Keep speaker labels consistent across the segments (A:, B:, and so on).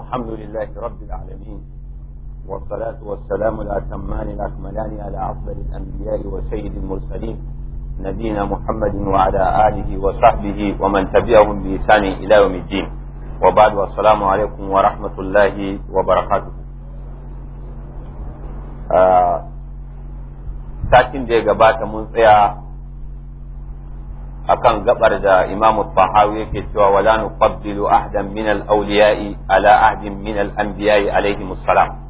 A: الحمد لله رب العالمين والصلاة والسلام الأتمان الأكملان على أفضل الأنبياء وسيد المرسلين نبينا محمد وعلى آله وصحبه ومن تبعهم بإحسان إلى يوم الدين وبعد والسلام عليكم ورحمة الله وبركاته آه ساكن دي قبات من akan gabar da Imam Tahawi yake cewa wala nuqabbilu ahdan min al-awliya'i ala ahdin min al-anbiya'i alayhi assalam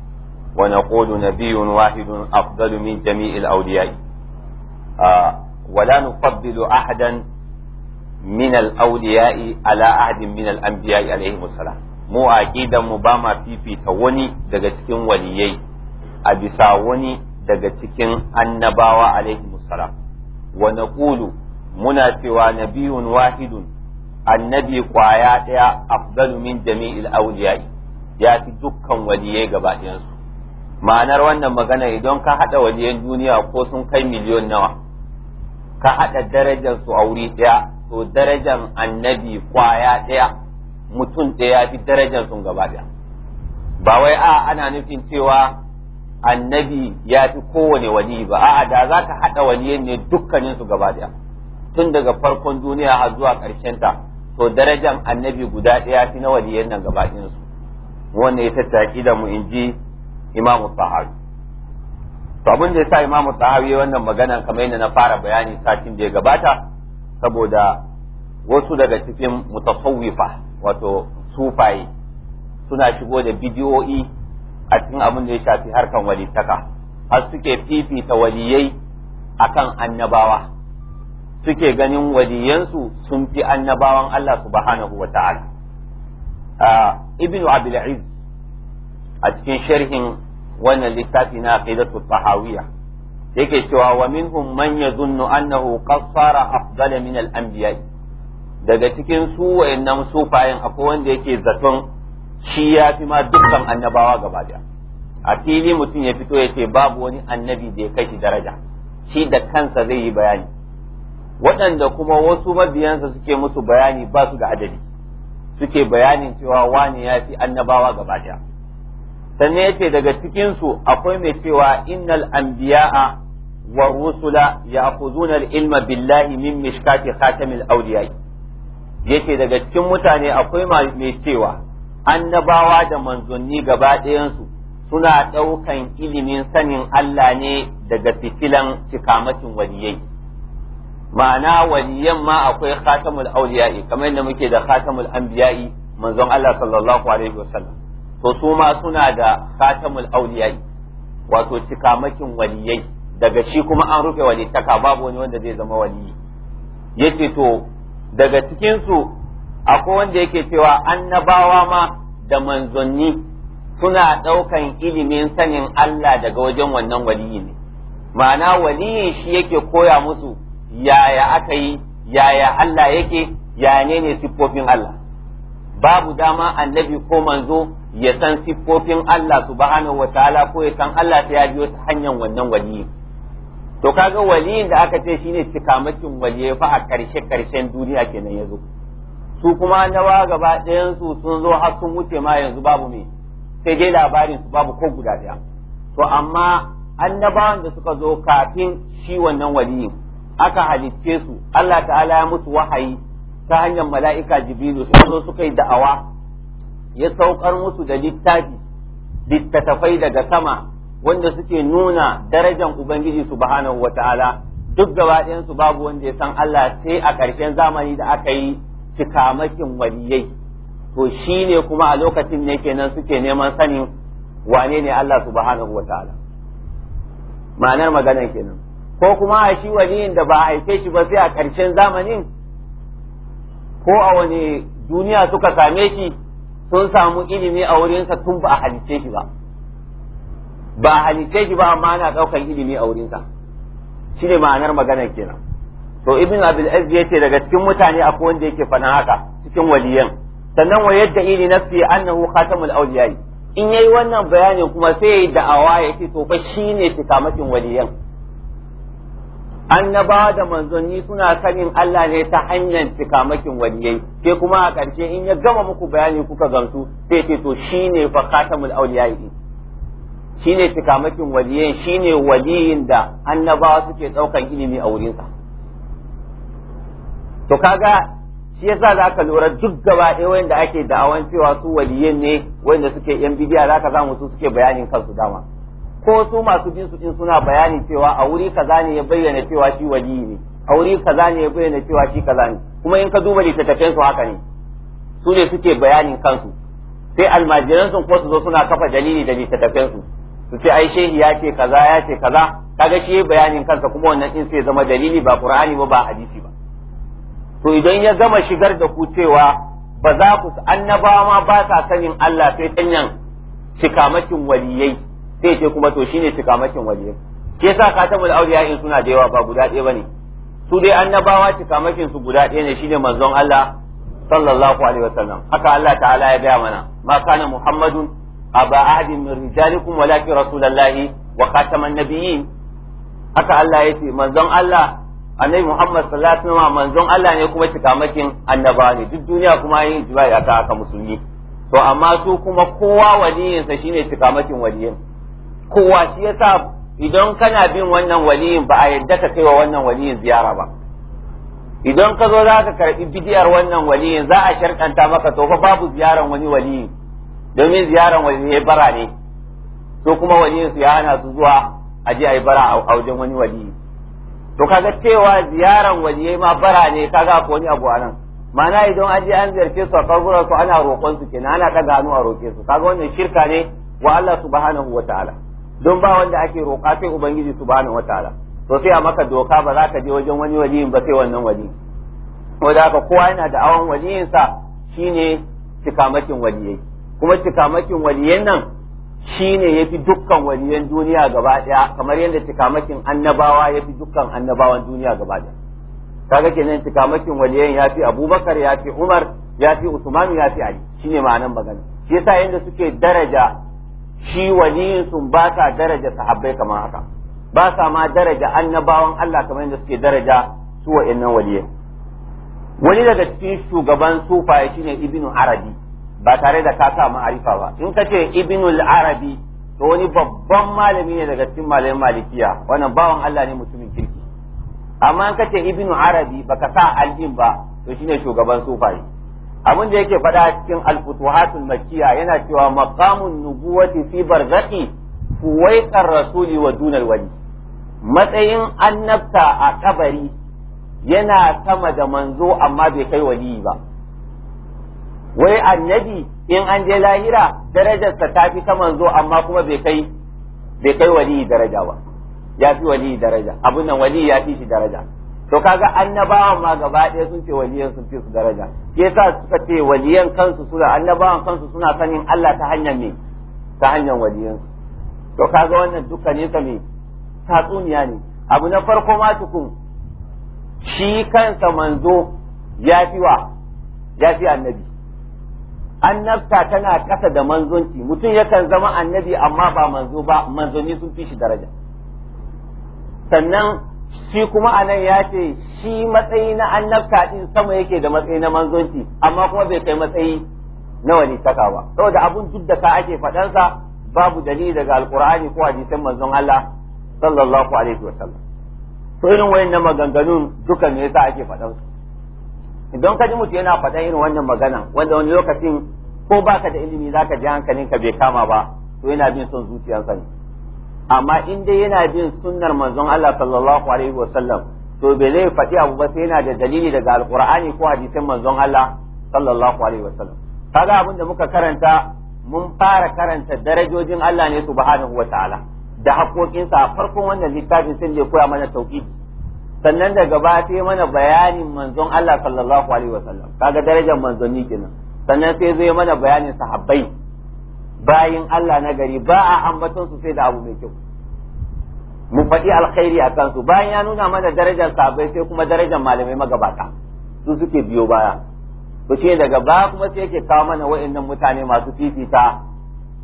A: wa naqulu nabiyyun wahidun afdalu min jami'i al-awliya'i ah, wala nuqabbilu ahdan min al-awliya'i ala ahdin min al-anbiya'i alayhi assalam mu aqidan mu ba ma fifita wani daga cikin waliyai a bisa wani daga cikin annabawa alaihi assalam wa naqulu muna cewa nabiyun wahidun annabi kwaya ɗaya afdalu min jami'il awliyai ya fi dukkan waliyai gaba su ma'anar wannan magana idan ka haɗa waliyan duniya ko sun kai miliyon nawa ka haɗa darajar su a wuri daya to darajar annabi kwaya daya mutum ɗaya fi darajar sun gaba daya ba wai a ana nufin cewa annabi ya fi kowane wali ba a'a da za ka hada waliyan ne dukkanin su gaba daya tun daga farkon duniya har zuwa ƙarshen ta to darajan annabi guda ɗaya fi na waliyan nan gaba su wannan ya tattaki da mu inji imamu sahabi to abin da ya sa imamu sahabi wannan magana kamar yadda na fara bayani satin da ya gabata saboda wasu daga cikin mutasawwifa wato sufaye suna shigo da bidiyo'i a cikin abin da ya shafi harkan walittaka har suke fifita waliyai akan annabawa suke ganin waliyansu sun fi annabawan Allah subhanahu wa ta'ala ibnu abdul aziz a cikin sharhin wannan littafi na aqidatu tahawiyya yake cewa wa minhum man yadhunnu annahu qassara afdala min al-anbiya daga cikin su wayannan sufayen akwai wanda yake zaton shi ya fi ma dukkan annabawa gaba daya a fili mutum ya fito ya ce babu wani annabi da ya kashi daraja shi da kansa zai yi bayani waɗanda kuma wasu mabiyansa suke musu bayani ba su da adadi suke bayanin cewa wani ya fi annabawa gaba ɗaya sannan yace daga cikinsu akwai mai cewa innal anbiya'a wa rusula ya'khuduna al-ilma billahi min mishkati khatamil awliya yace daga cikin mutane akwai mai cewa annabawa da manzanni gaba ɗayansu suna ɗaukan ilimin sanin Allah ne daga fitilan cikamacin waliyai ma'ana waliyan ma akwai khatamul auliya'i kamar yadda muke da khatamul anbiya'i manzon Allah sallallahu alaihi wasallam to su ma suna da khatamul auliya'i wato cikamakin waliyai daga shi kuma an rufe walitaka babu wani wanda zai zama waliyi yace to daga cikin su akwai wanda yake cewa annabawa ma da manzonni, suna ɗaukan ilimin sanin Allah daga wajen wannan waliyi ne ma'ana waliyin shi yake koya musu yaya aka yi yaya Allah yake yaya ne siffofin Allah babu dama annabi ko manzo ya san siffofin Allah subhanahu ta'ala ko ya san Allah ta ya biyo ta hanyar wannan waliyi to kaga wali da aka ce shine wali ya fa a karshe karshen duniya kenan yazo su kuma nawa gaba ɗayan su sun zo har sun wuce ma yanzu babu me sai dai labarin su babu ko guda ɗaya to amma annabawan da suka zo kafin shi wannan waliyin aka halicce su Allah ta'ala ya musu wahayi ta hanyar mala'ika jibrilu su, zo suka yi da'awa ya saukar musu da littafi littattafai daga sama wanda suke nuna darajar ubangiji subhanahu wata'ala duk gaba su babu wanda ya san Allah sai a ƙarshen zamani da aka yi cikamakin waliyai to shi ne kuma a lokacin ne kenan suke neman sanin wane ne Allah subhanahu wata'ala ma'anar maganar kenan ko kuma a shi wani da ba a haife shi ba sai a ƙarshen zamanin ko a wani duniya suka same shi sun samu ilimi a wurinsa tun ba a halice shi ba ba a halice shi ba amma ana ɗaukar ilimi a wurinsa shi ne ma'anar maganar kenan to ibn abdul aziz yace daga cikin mutane akwai wanda yake fana haka cikin waliyan sannan wa yadda ili nafsi annahu khatamul awliya in yayi wannan bayanin kuma sai yayi da'awa yake to fa shine tikamatin waliyan Annabawa da manzanni suna sanin Allah ne ta hanyar cikamakin waliyai sai kuma a ƙarshe in ya gama muku bayani kuka gamsu sai ce to shine fa khatamul yi shine cikamakin waliyan shine waliyin da annabawa suke ɗaukan ilimi a wurinsa to kaga shi yasa za ka lura duk gaba ɗaya wanda ake da'awan cewa su waliyan ne wanda suke yan bidiya za ka samu su suke bayanin kansu dama ko su masu bin su din suna bayani cewa a wuri kaza ne ya bayyana cewa shi wali ne a wuri kaza ne ya bayyana cewa shi kaza ne kuma in ka duba littattafan su haka ne su ne suke bayanin kansu sai almajiran sun ko su zo suna kafa dalili da littattafan su su ce ai shehi ya ce kaza ya ce kaza kaga shi bayanin kansa kuma wannan din sai zama dalili ba qur'ani ba ba hadisi ba to idan ya gama shigar da ku cewa ba za ku annabawa ma ba sa sanin Allah sai tanyan shikamakin waliyai sai ce kuma to shine cikamakin waje ke sa katamul auliya in suna da yawa ba guda ɗaya bane su dai annabawa cikamakin su guda ɗaya ne shine manzon Allah sallallahu alaihi wasallam haka Allah ta'ala ya gaya mana ma kana muhammadun aba ahadin min rijalikum walakin rasulullahi wa khataman nabiyyin haka Allah ya ce manzon Allah annabi Muhammad sallallahu alaihi wasallam manzon Allah ne kuma cikamakin annabawa ne duk duniya kuma yin jibai aka aka musulmi to amma su kuma kowa waliyinsa shine cikamakin waliyin kowa shi ya sa idan kana bin wannan waliyin ba a yadda ka kai wa wannan waliyin ziyara ba idan ka zo za ka karɓi bidiyar wannan waliyin za a sharkanta maka to fa babu ziyaran wani waliyin domin ziyaran ne bara ne to kuma waliyin su ya hana su zuwa a je a yi bara a wajen wani waliyi to kaga cewa ziyaran waliyai ma bara ne kaga ko wani abu anan ma'ana idan an je an ziyarce su a kaburar su ana roƙon su kenan ana ɗaga hannu a roƙe su kaga wannan shirka ne wa Allah subhanahu wa ta'ala don ba wanda ake roƙa sai ubangiji bani wata to sai a maka doka ba za ka je wajen wani waliyin ba sai wannan wali wanda haka kowa yana da awon waliyinsa shine cikamakin waliyai kuma cikamakin waliyan nan shine yafi dukkan waliyan duniya gaba daya kamar yadda cikamakin annabawa yafi dukkan annabawan duniya gaba daya kaga kenan cikamakin waliyan yafi abubakar yafi umar yafi usman yafi ali shine ma'anan magana shi yasa yanda suke daraja shi waliyinsu ba sa daraja sahabbai kamar haka ba sa ma daraja annabawan Allah kamar yadda suke daraja su wa'annan waliya wani daga cikin shugaban sufaye shine ibnu arabi ba tare da ka sa ma'arifa ba in kace ce ibnu arabi to wani babban malami ne daga cikin malamin malikiya wannan bawan Allah ne mutumin kirki amma in kace ce ibnu arabi baka sa aljin ba to shine shugaban sufaye abin da yake faɗa cikin cikin alfutuhatul makkiya yana cewa maqamun nubuwati fi barzaqi fuwaiqar rasuli wa dunal wali matsayin annabta a kabari yana sama da manzo amma bai kai wali ba wai annabi in an je lahira darajarsa ta fi ta manzo amma kuma bai kai bai kai wali daraja ba ya fi wali daraja abin nan wali ya fi shi daraja to kaga annabawan ma gaba ɗaya sun ce waliyan sun fi su daraja ke sa suka ce waliyan kansu suna annabawan kansu suna sanin Allah ta hanyar me ta hanyar waliyan su to kaga wannan ne ka me tatsuniya ne abu na farko ma tukun shi kansa manzo ya fi wa ya fi annabi annabta tana kasa da manzonci mutum yakan zama annabi amma ba manzo ba manzoni sun fi shi daraja sannan shi kuma a nan ya ce shi matsayi na annabta din sama yake da matsayi na manzonci amma kuma bai kai matsayi na taka ba saboda abun duk da ka ake faɗansa babu dalili daga alkur'ani ko hadisan manzon Allah sallallahu alaihi wasallam to irin wayannan maganganun duka ne yasa ake su idan ka ji mutum yana faɗan irin wannan magana wanda wani lokacin ko baka da ilimi zaka ji hankalinka bai kama ba to yana bin son zuciyarsa ne amma in dai yana bin sunnar manzon Allah sallallahu alaihi sallam to bai zai faɗi abu ba sai yana da dalili daga alqur'ani ko hadisin manzon Allah sallallahu alaihi sallam kaga abin da muka karanta mun fara karanta darajojin Allah ne subhanahu ta'ala da haƙoƙinsa a farkon wannan littafin sun je koya mana tauhid sannan daga ba sai mana bayanin manzon Allah sallallahu alaihi sallam kaga darajar manzonni kenan sannan sai zai mana bayanin sahabbai bayin Allah na gari ba a ambaton su sai da abu mai kyau mu faɗi alkhairi a kansu bayan ya nuna mana darajar sabai sai kuma darajar malamai magabata su suke biyo baya to ce daga baya kuma sai yake kawo mana wa'annan mutane masu fifita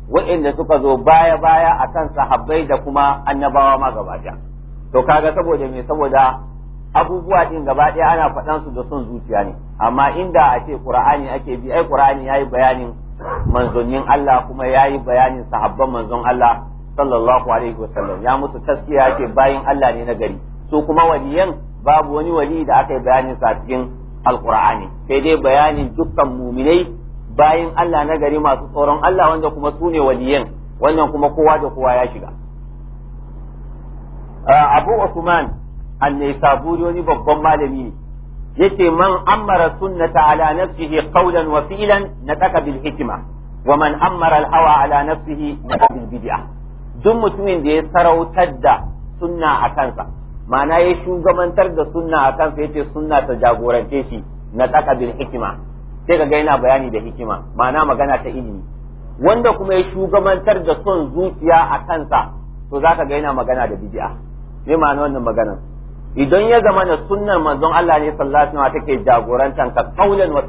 A: wa'anda suka zo baya baya akan sahabbai da kuma annabawa ma to kaga saboda me saboda abubuwa din gaba ɗaya ana faɗan su da son zuciya ne amma inda a ce qur'ani ake bi ai qur'ani yayi bayanin manzonin Allah kuma ya yi bayanin sahabban manzon Allah sallallahu alaihi wasallam ya mutu taskiya ce bayin Allah ne na gari su kuma waliyan babu wani wali da aka yi bayanin sa cikin alqur'ani sai dai bayanin dukkan muminai bayin Allah na gari masu tsoron Allah wanda kuma su ne waliyan wannan kuma kowa da kowa ya shiga ah, Abu Usman an-Naisaburi wani babban malami ne yace man amara sunnata ala nafsihi qawlan wa fi'lan nataka bil hikma wa man amara al hawa ala nafsihi nataka bil bid'a duk mutumin da ya sarautar da sunna a kansa ma'ana ya shugabantar da sunna a kansa yace sunna ta jagorance shi nataka bil hikma sai ka ga yana bayani da hikima ma'ana magana ta ilimi wanda kuma ya shugabantar da son zuciya a kansa to zaka ga yana magana da bid'a me ma'ana wannan maganar idan ya zama na sunnar manzon Allah ne sallallahu alaihi wasallam take jagoranta ka kaulan wa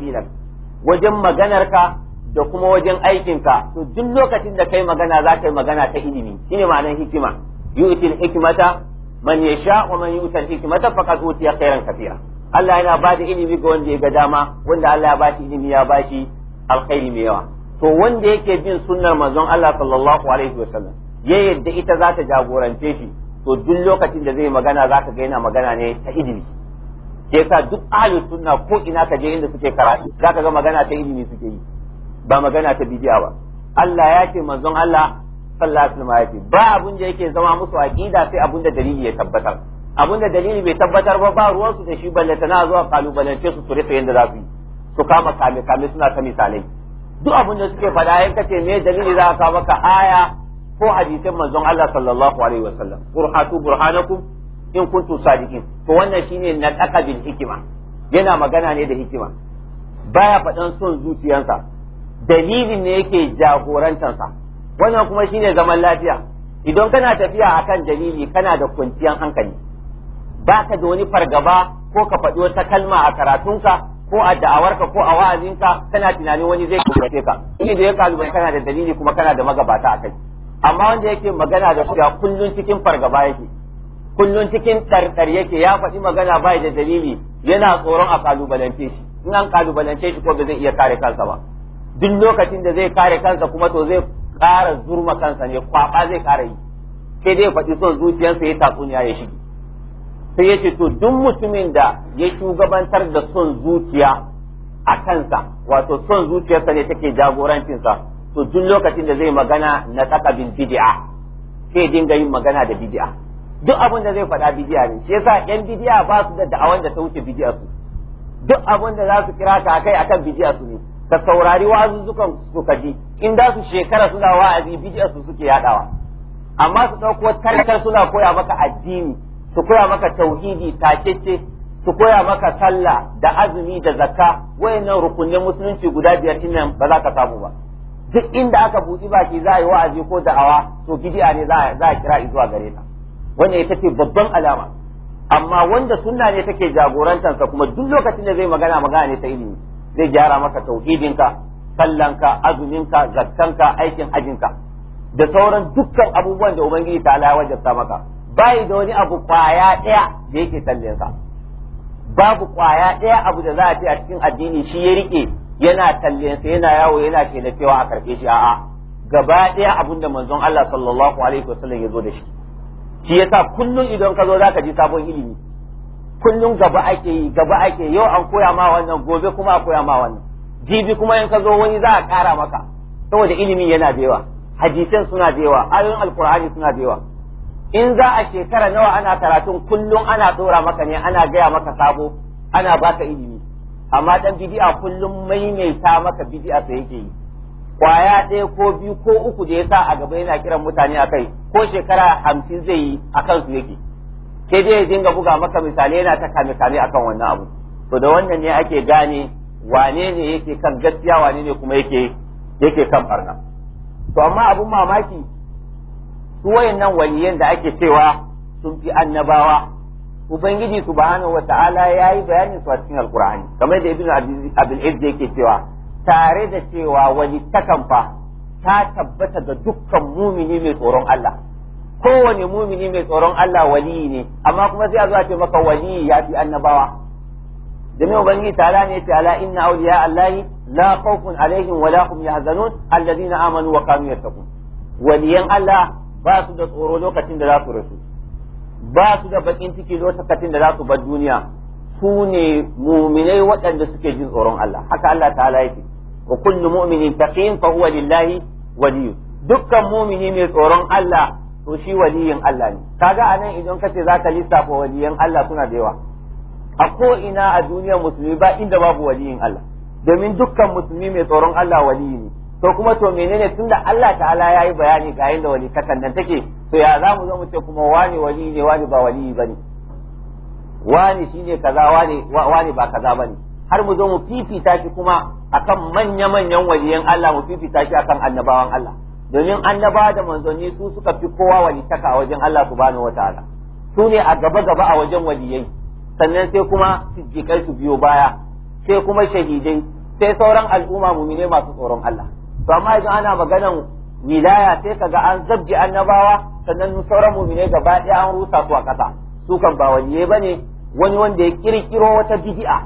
A: wajen maganar ka da kuma wajen aikin ka to duk lokacin da kai magana za ka yi magana ta ilimi shine ma'anar hikima yu'til hikmata man yasha wa man yu'til hikmata faqad utiya khairan kathira Allah yana ba da ilimi ga wanda ya ga dama wanda Allah ya ba shi ilimi ya ba shi alkhairi mai yawa to wanda yake bin sunnar manzon Allah sallallahu alaihi wasallam ya da ita za ta jagorance shi to duk lokacin da zai magana za ka ga yana magana ne ta ilimi ke sa duk ahli sunna ko ina ka je inda suke karatu ka ga magana ta ilimi suke yi ba magana ta bidiya ba Allah ya ce manzon Allah sallallahu alaihi wasallam ba abun da yake zama musu aqida sai abun da dalili ya tabbatar abun da dalili bai tabbatar ba ba ruwan su da shi balle tana zuwa kalubalance su su rufe yanda za su yi su kama kame kame suna ta misalai duk abun da suke faɗa yanka ce me dalili za ka maka aya ko hadisin manzon Allah sallallahu alaihi wasallam burhatu burhanakum in kuntu sadiqin to wannan shine na bil hikima yana magana ne da hikima baya faɗan son zuciyarsa dalilin ne yake jagorantansa wannan kuma shine zaman lafiya idan kana tafiya akan dalili kana da kwanciyar hankali baka da wani fargaba ko ka faɗi wata kalma a karatunka ko a da'awarka ko a wa'azinka kana tunanin wani zai kubace ka shi da ya kalubai kana da dalili kuma kana da magabata a kai amma wanda yake magana da hujja kullun cikin fargaba yake kullun cikin tarkar yake ya faɗi magana bai da dalili yana tsoron a kalubalance shi in an kalubalance shi ko ba zai iya kare kansa ba duk lokacin da zai kare kansa kuma to zai ƙara zurma kansa ne kwaba zai ƙara yi sai dai faɗi son zuciyarsa ya tatsuniya ya shige sai ya ce to duk mutumin da ya shugabantar da son zuciya a kansa wato son zuciyarsa ne take jagorancinsa to duk lokacin da zai magana na saka bin bid'a sai dinga yin magana da bid'a duk abin da zai faɗa bid'a ne shi yasa yan bid'a ba su da da'awan da ta wuce bid'a su duk abin da za su kira ka kai akan bid'a su ne ka saurari wazuzzukan su kaji in da su shekara suna wa'azi bid'a su suke yadawa amma su dauko tarkar suna koya maka addini su koya maka tauhidi takecce su koya maka sallah da azumi da zakka wayannan rukunin musulunci guda biyar din nan ba za ka samu ba duk inda aka buɗi baki za a yi wa'azi ko da'awa to bidi'a ne za a kira zuwa gare ta wanda ita ce babban alama amma wanda sunna ne take jagorantansa kuma duk lokacin da zai magana magana ne ta ilimi zai gyara maka tauhidinka sallanka azuminka zakkanka aikin ajinka da sauran dukkan abubuwan da ubangiji ta ala wajabta maka bai da wani abu kwaya ɗaya da yake sallinsa babu kwaya ɗaya abu da za a ce a cikin addini shi ya rike yana tallensa yana yawo yana taimakewa a karfe shi a'a gaba ɗaya abin da manzon Allah sallallahu alaihi wasallam ya zo da shi shi yasa kullun idan ka zo zaka ji sabon ilimi kullun gaba ake yi gaba ake yau an koya ma wannan gobe kuma a koya ma wannan jibi kuma in ka zo wani za a kara maka saboda ilimi yana da yawa hadisan suna da yawa ayoyin alkur'ani suna da yawa in za a shekara nawa ana karatun kullum ana dora maka ne ana gaya maka sabo ana baka ilimi amma dan bid'a kullum maimaita maka bid'a sa yake yi kwaya ɗaya ko biyu ko uku da ya sa a gaba yana kiran mutane akai ko shekara hamsin zai yi a kansu yake sai dai ya dinga buga maka misali yana ta kame kame akan wannan abu to da wannan ne ake gane wane ne yake kan gaskiya wane ne kuma yake yake kan barna to amma abun mamaki su wayannan waliyan da ake cewa sun fi annabawa ubangiji subhanahu wata'ala yayi bayanin su a cikin alqur'ani kamar da ibnu abdul izz yake cewa tare da cewa wani takanfa ta tabbata ga dukkan mumini mai tsoron Allah kowane mumini mai tsoron Allah wali ne amma kuma sai a zo a ce maka wali ya fi annabawa Dan ubangiji ta'ala ne ce ala inna awliya allahi la khawfun alaihim wa la hum yahzanun alladhina amanu wa kanu yattaqun waliyan Allah ba su da tsoro lokacin da za su rasu ba su da bakin ciki lokacin da za su bar duniya su ne muminai waɗanda suke jin tsoron Allah haka Allah ta'ala yake wa kullu mu'minin taqin fa huwa lillahi waliyyu dukkan mumini mai tsoron Allah to shi waliyin Allah ne kaga anan idan ka ce zaka lissafa waliyan Allah suna da yawa a ko ina a duniyar musulmi ba inda babu waliyin Allah domin dukkan musulmi mai tsoron Allah waliyi ne to kuma to menene tunda Allah ta'ala yayi bayani ga yanda wali kakan nan take to ya za mu zo mu ce kuma wani wani ne wani ba wani ba ne wani shine kaza wani ba kaza ba ne har mu zo mu fifita shi kuma akan manya-manyan waliyan Allah mu fifita shi akan annabawan Allah domin annabawa da manzanni su suka fi kowa walitaka a wajen Allah subhanahu wataala su ne a gaba-gaba a wajen waliyai sannan sai kuma siddiƙai su biyo baya sai kuma shahidai sai sauran al'umma mu mumine masu tsoron Allah to amma idan ana maganan wilaya sai kaga an zabge annabawa sannan sauran mu'minai gaba ɗaya an rusa su a ƙasa su kan ba ne bane wani wanda ya kirkiro wata bid'a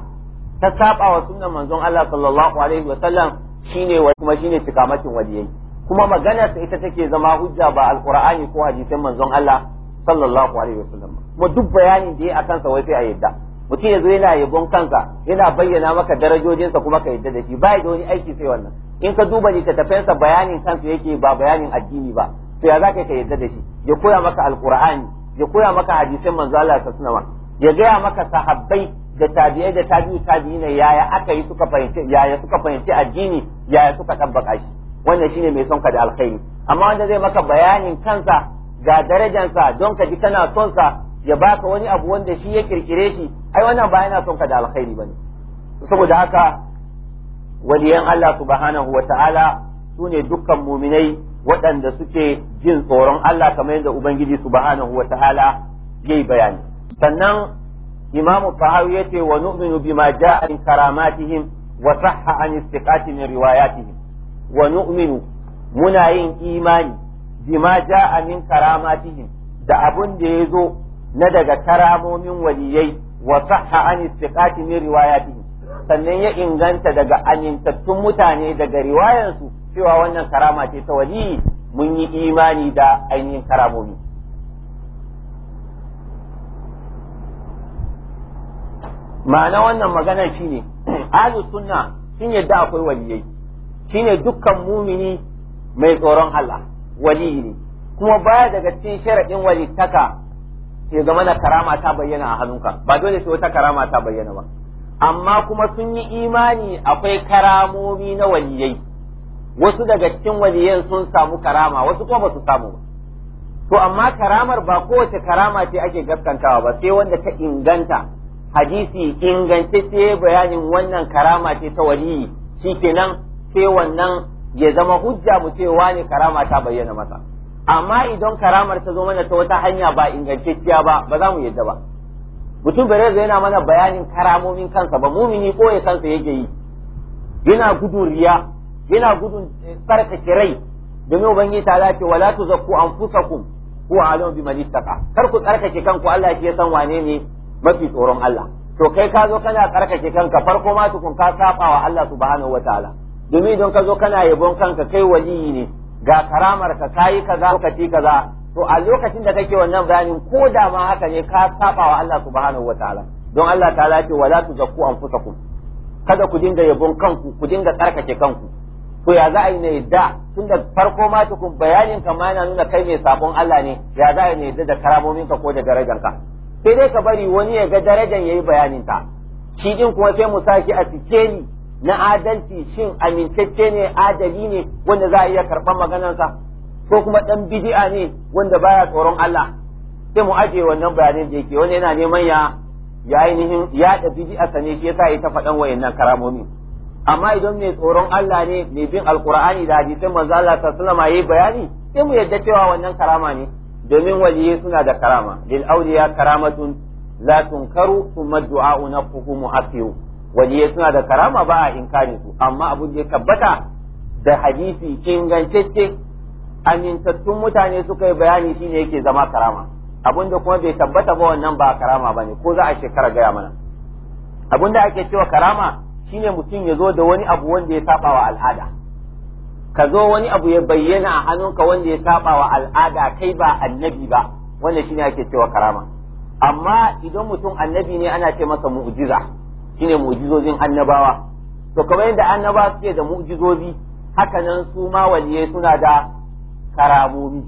A: ta saba wa sunnan manzon Allah sallallahu alaihi wa sallam shine kuma shine tikamatin waliyai kuma maganar sa ita take zama hujja ba alqur'ani ko hadisin manzon Allah sallallahu alaihi wa sallam kuma duk bayanin da ya akan sa wai sai a yadda mutum ya zo yana yabon kansa yana bayyana maka darajojinsa kuma ka yadda da shi ba da wani aiki sai wannan in ka duba littattafensa bayanin kansa yake ba bayanin addini ba to ya zaka ka yadda da shi ya koya maka alqur'ani ya koya maka hadisin manzo Allah sallallahu alaihi ya gaya maka sahabbai da tabi'ai da tabi'i tabi'i ne yaya aka yi suka fahimci yaya suka fahimci addini yaya suka tabbaka shi wannan shine mai son ka da alkhairi amma wanda zai maka bayanin kansa ga darajansa don ka ji kana son sa ya baka wani abu wanda shi ya kirkire shi ai wannan ba yana son ka da alkhairi bane saboda haka waliyan Allah subhanahu wa ta'ala su ne dukkan muminai waɗanda suke jin tsoron Allah kamar yadda Ubangiji subhanahu wa ta'ala ya yi bayani sannan imamu fahawi ce wa nu'minu bima ja'a min karamatihim wa sahha an istiqati min riwayatihim wa nu'minu muna yin imani bima ja'a min karamatihim da abun da ya zo na daga karamomin waliyai wa sahha an istiqati min riwayatihim sannan ya inganta daga amintattun mutane daga riwayansu cewa wannan karama ce ta wani mun yi imani da ainihin karamomi ma'ana wannan magana shine ahlu sunna sun da akwai waliyai ne dukkan mumini mai tsoron Allah wali ne kuma baya daga cikin sharaɗin walittaka ya zama na karama ta bayyana a hannunka ba dole sai wata karama ta bayyana ba amma kuma sun yi imani akwai karamomi na waliyai wasu daga cikin waliyan sun samu karama wasu kuma ba su samu ba to amma karamar ba kowace karama ce ake gaskantawa ba sai wanda ta inganta hadisi ingance ce bayanin wannan karama ce ta waliyi shikenan sai wannan ya zama hujja mu cewa ne karama ta bayyana masa amma idan karamar ta zo mana ta wata hanya ba ingantacciya ba ba za mu yadda ba mutum bare zai yana mana bayanin karamomin kansa ba mumini koye kansa yake yi yana gudun riya yana gudun eh, tsarkake rai domin ubangiji ta lafi wala zakku anfusakum huwa alim biman ittaqa kar ku tsarkake kanku Allah shi ya san wane ne mafi tsoron Allah to kai ka zo kana tsarkake kanka farko ma tukun ka saba wa Allah subhanahu wataala domin don ka zo kana yabon kanka kai waliyi ne ga karamar ka kayi kaza lokaci kaza to a lokacin da kake wannan bayanin ko da ma haka ne ka saba wa Allah subhanahu wataala don Allah ta'ala ce wala tuzakku anfusakum kada ku dinga yabon kanku ku dinga tsarkake kanku to ya za a yi ne da tun da farko ma tukun bayanin ka ma yana nuna kai mai sabon Allah ne ya za a yi ne da karamomin ka ko da darajar ka sai dai ka bari wani ya ga darajar yayi bayanin ta shi din kuma sai mu sashi a sikeli na adalci shin amintacce ne adali ne wanda za a iya karɓar maganarsa ko kuma ɗan bid'a ne wanda baya tsoron Allah sai mu aje wannan bayanin da yake wani yana neman ya ya ainihin ya da bid'a sane shi yasa ya ta faɗan wayannan karamomi amma idan mai tsoron Allah ne mai bin alqur'ani da hadisin manzo Allah sallallahu alaihi bayani sai mu yadda cewa wannan karama ne domin waliye suna da karama lil awliya karamatun la tunkaru thumma du'a'u nafuhu muhaffiru waliye suna da karama ba a inkari su amma abun da ya tabbata da hadisi ingantacce amintattun mutane suka yi bayani shine yake zama karama abinda kuma bai tabbata ba wannan ba karama bane ko za a shekara gaya mana abinda ake cewa karama shine mutum ya zo da wani abu wanda ya saba wa al'ada ka zo wani abu ya bayyana a hannunka wanda ya saba wa al'ada kai ba annabi ba wanda shine ake cewa karama amma idan mutum annabi ne ana ce masa mu'jiza shine mu'jizozin annabawa to kamar yadda annabawa suke da mu'jizozi haka nan su ma waliyai suna da karamomi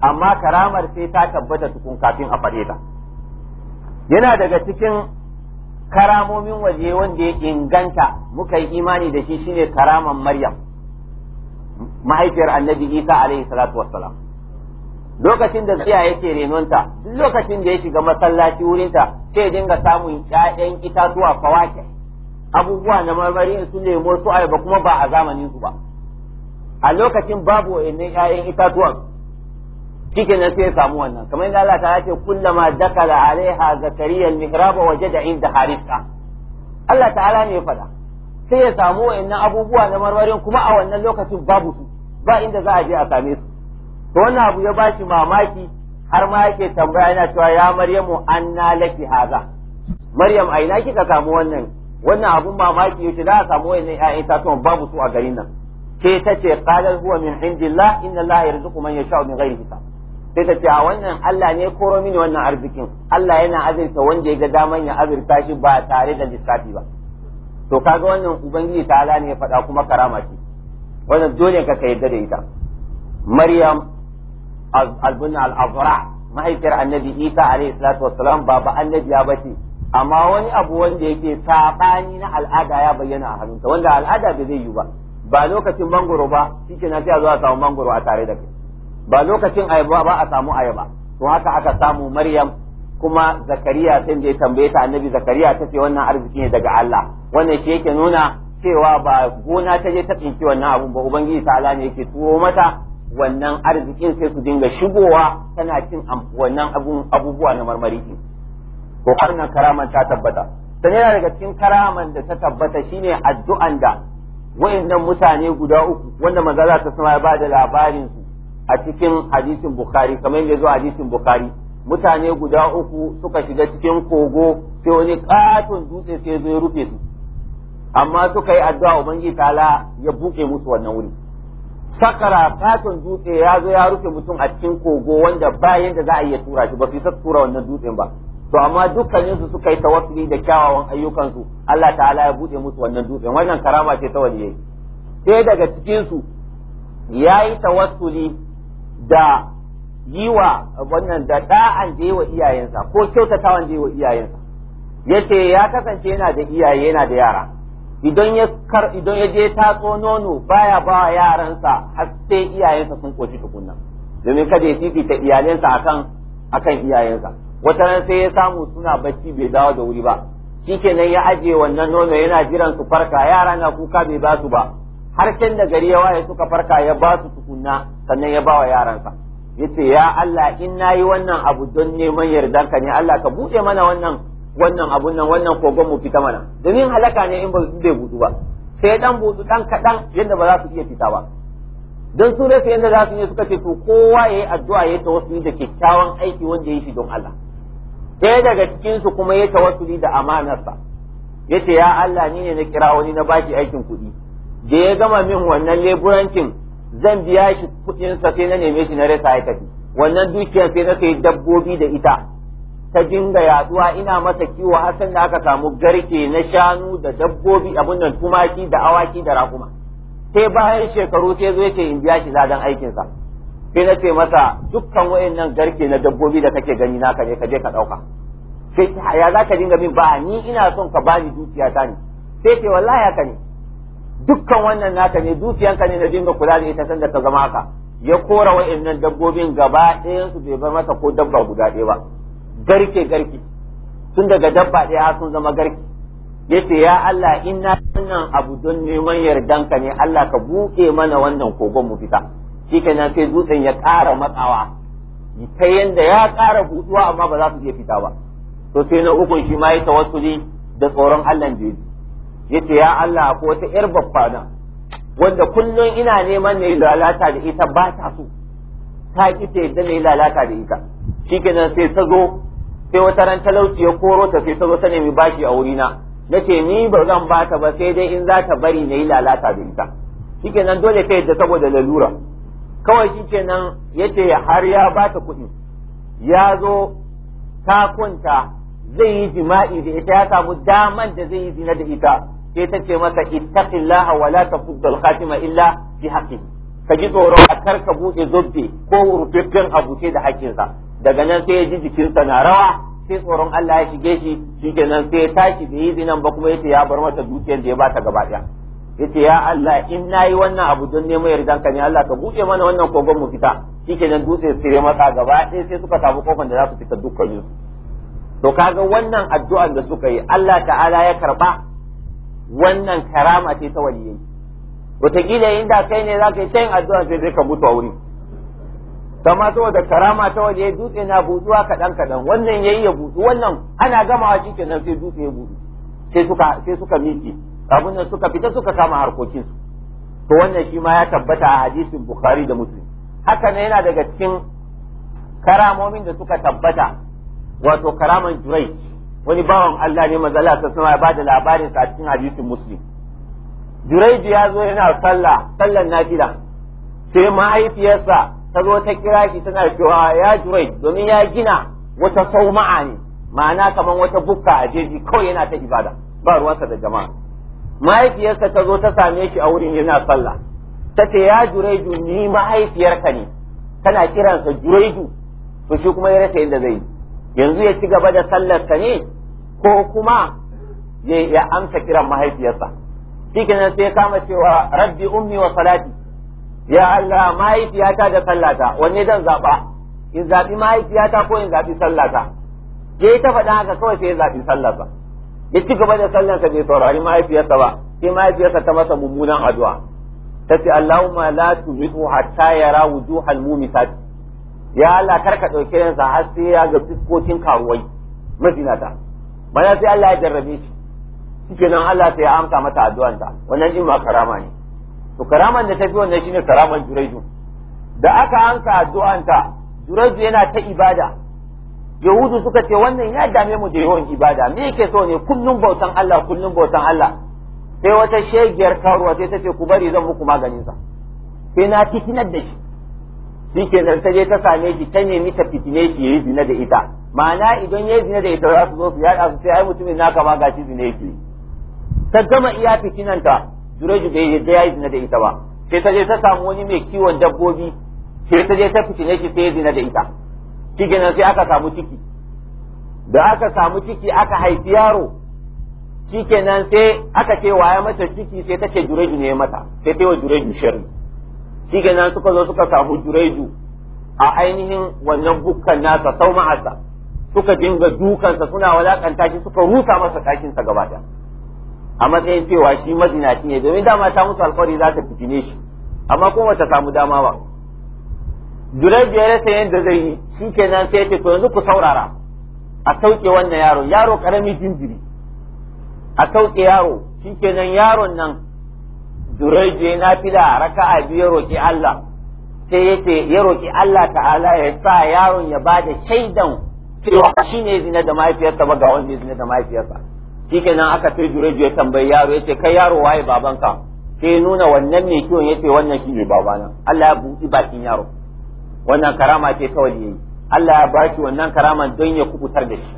A: amma karamar sai ta tabbata tukun kafin a faɗe ta yana daga cikin karamomin waje wanda ya inganta muka yi imani da shi shine karaman maryam mahaifiyar annabi isa alaihi salatu wassalam lokacin da siya yake renonta duk lokacin da ya shiga masallaci wurinta sai dinga samun ƴaƴan itatuwa fawake abubuwa na marmari su lemo su ayaba kuma ba a zamanin su ba a lokacin babu wa'annan 'ya'yan itatuwan cikin nan sai ya samu wannan kamar yadda Allah ta ce kullama dakala alaiha zakariya mihraba wajada inda harisa Allah ta'ala ne ya faɗa sai ya samu wa'annan abubuwa na marmarin kuma a wannan lokacin babu su ba inda za a je a same su to wannan abu ya bashi mamaki har ma yake tambaya yana cewa ya maryamu anna laki haza maryam a ina kika samu wannan wannan abun mamaki yace za a samu wannan 'ya'yan itatuwan babu su a garin nan sai ta ce tsadar huwa min indillah inna allaha yarzuqu man yasha'u min ghairi hisab sai ta ce a wannan Allah ne koro mini wannan arzikin Allah yana azurta wanda ya ga daman ya azurta shi ba tare da lissafi ba to kaga wannan ubangiji ta ala ne ya faɗa kuma karama ce wannan dole ka ka yarda da ita maryam albunna al-azra mahaifiyar annabi isa alayhi salatu wassalam ba ba annabi ya bace amma wani abu wanda yake sabani na al'ada ya bayyana a hannunta wanda al'ada ba zai yi ba ba lokacin mangoro ba ke na siya a a samu mangoro a tare da kai ba lokacin ayaba ba a samu ayaba to haka aka samu maryam kuma zakariya sai da ya tambaye ta annabi zakariya ta ce wannan arziki ne daga Allah wannan shi yake nuna cewa ba gona ta je ta tsinci wannan abun ba ubangiji ta'ala ne yake tuwo mata wannan arzikin sai su dinga shigowa tana cin wannan abubuwa na marmari ko har nan karaman ta tabbata sannan yana daga cikin karaman da ta tabbata shine addu'an da wayannan mutane guda uku wanda manzo Allah ta sama ya da labarin su a cikin hadisin Bukhari kamar yadda zo hadisin Bukhari mutane guda uku suka shiga cikin kogo sai wani katon dutse sai zo ya rufe su amma suka yi addu'a ubangi ta'ala ya buke musu wannan wuri sakara katon dutse ya zo ya rufe mutum a cikin kogo wanda bayan da za a iya tura shi ba su isa tura wannan dutsen ba to amma dukkanin su suka yi tawassuli da kyawawan ayyukansu. Allah ta'ala ya bude musu wannan dutsen wannan karama ce ta waliyai sai daga cikin su yayi tawassuli da yiwa wannan da da'an da yawa iyayensa ko kyautatawan da yawa iyayensa yace ya kasance yana da iyaye yana da yara idan ya kar idan ya je tatso nono baya ba yaransa har sai iyayensa sun koci tukunna domin kada ya fifita iyalensa akan akan iyayensa wata ran sai ya samu suna bacci bai dawo da wuri ba shikenan ya aje wannan nono yana jiran su farka yara na kuka bai ba su ba har can da gari ya waye suka farka ya ba su tukunna sannan ya ba wa yaransa yace ya Allah in nayi wannan abu don neman yardanka ne Allah ka buɗe mana wannan wannan abun nan wannan kogon mu fita mana domin halaka ne in ba su bai budu ba sai dan budu dan kadan yadda ba za su iya fita ba don su rasa yadda za su yi suka ce to kowa yi addu'a yayi tawassuli da kyakkyawan aiki wanda ya shi don Allah ɗaya daga cikinsu kuma ya tawassuli da amanarsa ya ce ya Allah ni ne na kira wani na baki aikin kuɗi da ya gama min wannan leburancin zan biya shi kuɗinsa sai na neme shi na rasa aikati wannan dukiyar sai na sayi dabbobi da ita ta dinga yaduwa ina masa kiwo har da aka samu garke na shanu da dabbobi abin nan tumaki da awaki da raƙuma sai bayan shekaru sai zo yake in biya shi ladan aikinsa sai na ce masa dukkan wayannan garke na dabbobi da kake gani naka ne ka je ka dauka sai ya za dinga min ba ni ina son ka bani dukiya ta ne sai ce wallahi haka ne dukkan wannan naka ne dukiyanka ne na dinga kula da ita sanda ta zama haka ya kora wayannan dabbobin gaba ɗayan su bai bar masa ko dabba guda ɗaya ba garke garke tun daga dabba ɗaya har sun zama garke yace ya Allah inna wannan abu don neman yardanka ne Allah ka buke mana wannan kogon mu fita Shi nan sai dutsen ya ƙara matsawa ta yadda ya ƙara buɗuwa amma ba za su iya fita ba to sai na ukun shi ma ya tawassuli da tsoron Allah da ya ce ya Allah ko wata yar babba na wanda kullum ina neman ne lalata da ita ba ta so ta ki ta yadda ne lalata da ita shikenan sai ta zo sai wata ran talauci ya koro ta sai ta zo ta nemi bashi a wuri na ce ni ba zan ba ta ba sai dai in za ta bari na yi lalata da ita shikenan dole ta yadda saboda lalura kawai shi kenan yace har ya ba ta kuɗi ya zo ta kwanta zai yi jima'i da ita ya samu daman da zai yi zina da ita sai ta ce masa ittaqillaha wa la tafuddal khatima illa bi haqqi ka ji tsoron a karka buɗe zobbe ko rufaffen abu sai da haƙƙinsa daga nan sai ya ji jikinsa na rawa sai tsoron Allah ya shige shi shikenan sai ya tashi bai yi zinan ba kuma yace ya bar mata dukiyar da ya bata gaba ɗaya yace ya Allah in nayi wannan abu don neman yardan ka ne Allah ka buɗe mana wannan kogon mu fita nan dutse sire masa gaba ɗaya sai suka samu kofan da za su fita dukkan su to kaga wannan addu'an da suka yi Allah ta'ala ya karba wannan karama ce ta waliyai wataƙila inda kai ne za ka yi ta yin addu'a sai dai ka mutu a wuri kama saboda karama ta waje dutse na buɗuwa kaɗan kaɗan wannan yayi ya buɗu wannan ana gamawa shi nan sai dutse ya buɗu sai suka sai suka miƙe abin da suka fita suka kama harkokinsu to wannan shi ma ya tabbata a hadisin bukhari da muslim haka ne yana daga cikin karamomin da suka tabbata wato karaman jurai wani bawan Allah ne mazala ta sama ya bada labarin sa cikin hadisin muslim jurai ya zo yana sallah sallan nafila sai mahaifiyarsa ta zo ta kira shi tana cewa ya jurai domin ya gina wata sauma'a ne ma'ana kamar wata bukka a jeji kawai yana ta ibada ba ruwansa da jama'a mahaifiyarsa ta zo ta same shi a wurin yana sallah ta ce ya juraidu ni mahaifiyarka ne tana kiransa juraidu to shi kuma ya rasa yadda zai yanzu ya ci gaba da sallarsa ne ko kuma ya amsa kiran mahaifiyarsa shikenan sai ya kama cewa rabbi ummi wa salati ya Allah mahaifiyata da sallata wanne zan zaba in zaɓi mahaifiyata ko in zaɓi sallata je ta faɗa haka kawai sai ya zabi sallata ya ci gaba da sallarsa bai saurari mahaifiyarsa ba sai mahaifiyarsa ta masa mummunan addu'a ta ce Allahumma la tuzihu hatta yara wujuhal mumisat ya Allah karka dauke yansa har sai ya ga fiskokin karuwai mazinata bana sai Allah ya jarrabe shi nan Allah sai ya amsa mata addu'anta wannan jin ma karama ne to karaman da ta fi wannan shine karaman juraiju da aka amsa ta juraiju yana ta ibada yahudu suka ce wannan ya dame mu da yawan ibada me yake so ne kullum bautan Allah kullum bautan Allah sai wata shegiyar karuwa sai ta ce ku bari zan muku maganin sa sai na fitinar da shi shi ke nan ta je ta same shi ta nemi ta fitine shi yayi zina da ita ma'ana idan yayi zina da ita za su zo su ya su sai ai mutumin naka ma gashi zina yake ta gama iya fitinanta Jureju bai yadda yayi zina da ita ba sai ta je ta samu wani mai kiwon dabbobi sai ta je ta fitine shi sai zina da ita nan sai aka samu ciki da aka samu ciki aka haifi yaro nan sai aka ce waya mata ciki sai ta ce jureju ne mata sai ta yi wa jureju shari nan suka zo suka samu jureju a ainihin wannan bukkan nasa sau ma'asa suka dinga dukansa suna walakanta shi suka rusa masa sa gaba ɗaya a matsayin cewa shi mazinaci ne domin dama ta musu alkawari za ta fitine shi amma kuma ta samu dama ba Jurej ya rasa yadda zai yi shi nan sai ce to yanzu ku saurara a sauke wannan yaro yaro karami jinjiri a sauke yaro shi nan yaron nan Jurej ya nafila raka'a biyu ya roki Allah sai ya ce ya roki Allah ta'ala ya sa yaron ya bada shaidan cewa shi ne zina da mahaifiyarsa ba ga wanda zina da mahaifiyarsa shi nan aka sai Jurej ya tambayi yaro ya ce kai yaro waye babanka sai nuna wannan ne kiwon ya ce wannan shi ne babana Allah ya buɗi bakin yaro wannan karama ce ta waje Allah ya ba shi wannan karama don ya kubutar da shi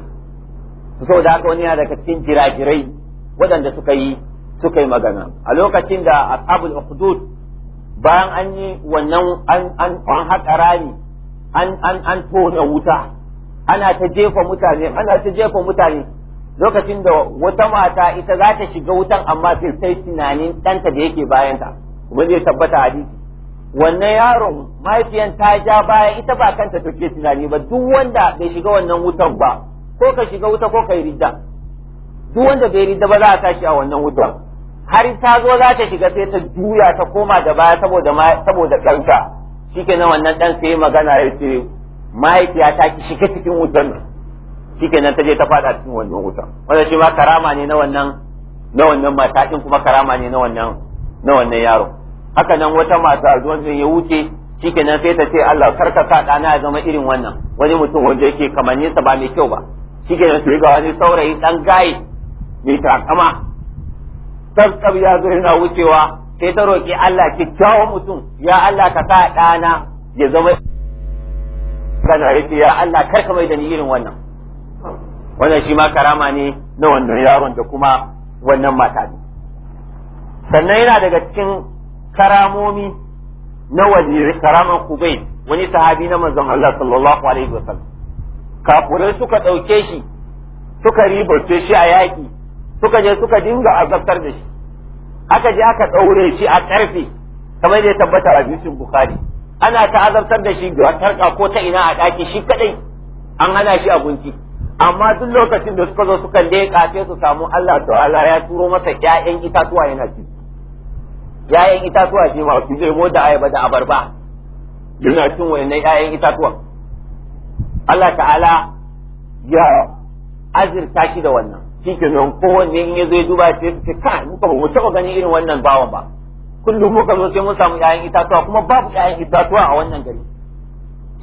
A: saboda haka wani yana daga cikin jirajirai waɗanda suka yi suka yi magana a lokacin da ashabul ukhdud bayan an yi wannan an an haƙa rami an an an tona wuta ana ta jefa mutane ana ta jefa mutane lokacin da wata mata ita za ta shiga wutan amma sai sai tunanin ɗanta da yake bayanta kuma zai tabbata hadisi wannan yaron mahaifiyan ta ja baya ita ba kanta take tunani ba duk wanda bai shiga wannan wutar ba ko ka shiga wuta ko ka yi ridda duk wanda bai ridda ba za a tashi a wannan wutar har ta zo za ta shiga sai ta juya ta koma da baya saboda saboda ɗanka shikenan wannan ɗan sai magana ya ce mahaifiya ta ki shiga cikin wutar shikenan ta je ta fada cikin wannan wutar wanda shi ma karama ne na wannan na wannan mata kuma karama ne na wannan na wannan yaro haka nan wata mata sun ya wuce nan sai ta ce Allah sa ɗana ya zama irin wannan wani mutum wanda yake kamanninsa ba mai kyau ba shikenan sai ga wani saurayi dan gaye mai takama tsabtsab ya zo yana wucewa sai ta roƙi Allah kyakkyawan mutum ya Allah ka sa ɗana ya zama kana yace ya Allah kar ka mai da ni irin wannan wannan shi ma karama ne na wannan yaron da kuma wannan mata sannan yana daga cikin karamomi na wajiri karaman kubai wani sahabi na manzon Allah sallallahu alaihi wasallam kafurai suka ɗauke shi suka ribarce shi a yaƙi suka je suka dinga azabtar da shi aka je aka ɗaure shi a ƙarfe kamar da ya tabbata a hadisin bukhari ana ta azabtar da shi ga tarka ko ta ina a ɗaki shi kadai an hana shi abinci amma duk lokacin da suka zo suka leƙa sai su samu Allah to Allah ya turo masa ƴaƴan itatuwa yana ci 'ya'yan itatuwa shi ma su zai da ayaba da abarba yana cin wayannan 'ya'yan itatuwa? Allah ta'ala ya azirta shi da wannan shi ke nan kowanne in ya zo ya duba shi ce ka muka ba mu taɓa ganin irin wannan bawan ba kullum muka zo sai mun samu 'ya'yan itatuwa kuma babu 'ya'yan itatuwa a wannan gari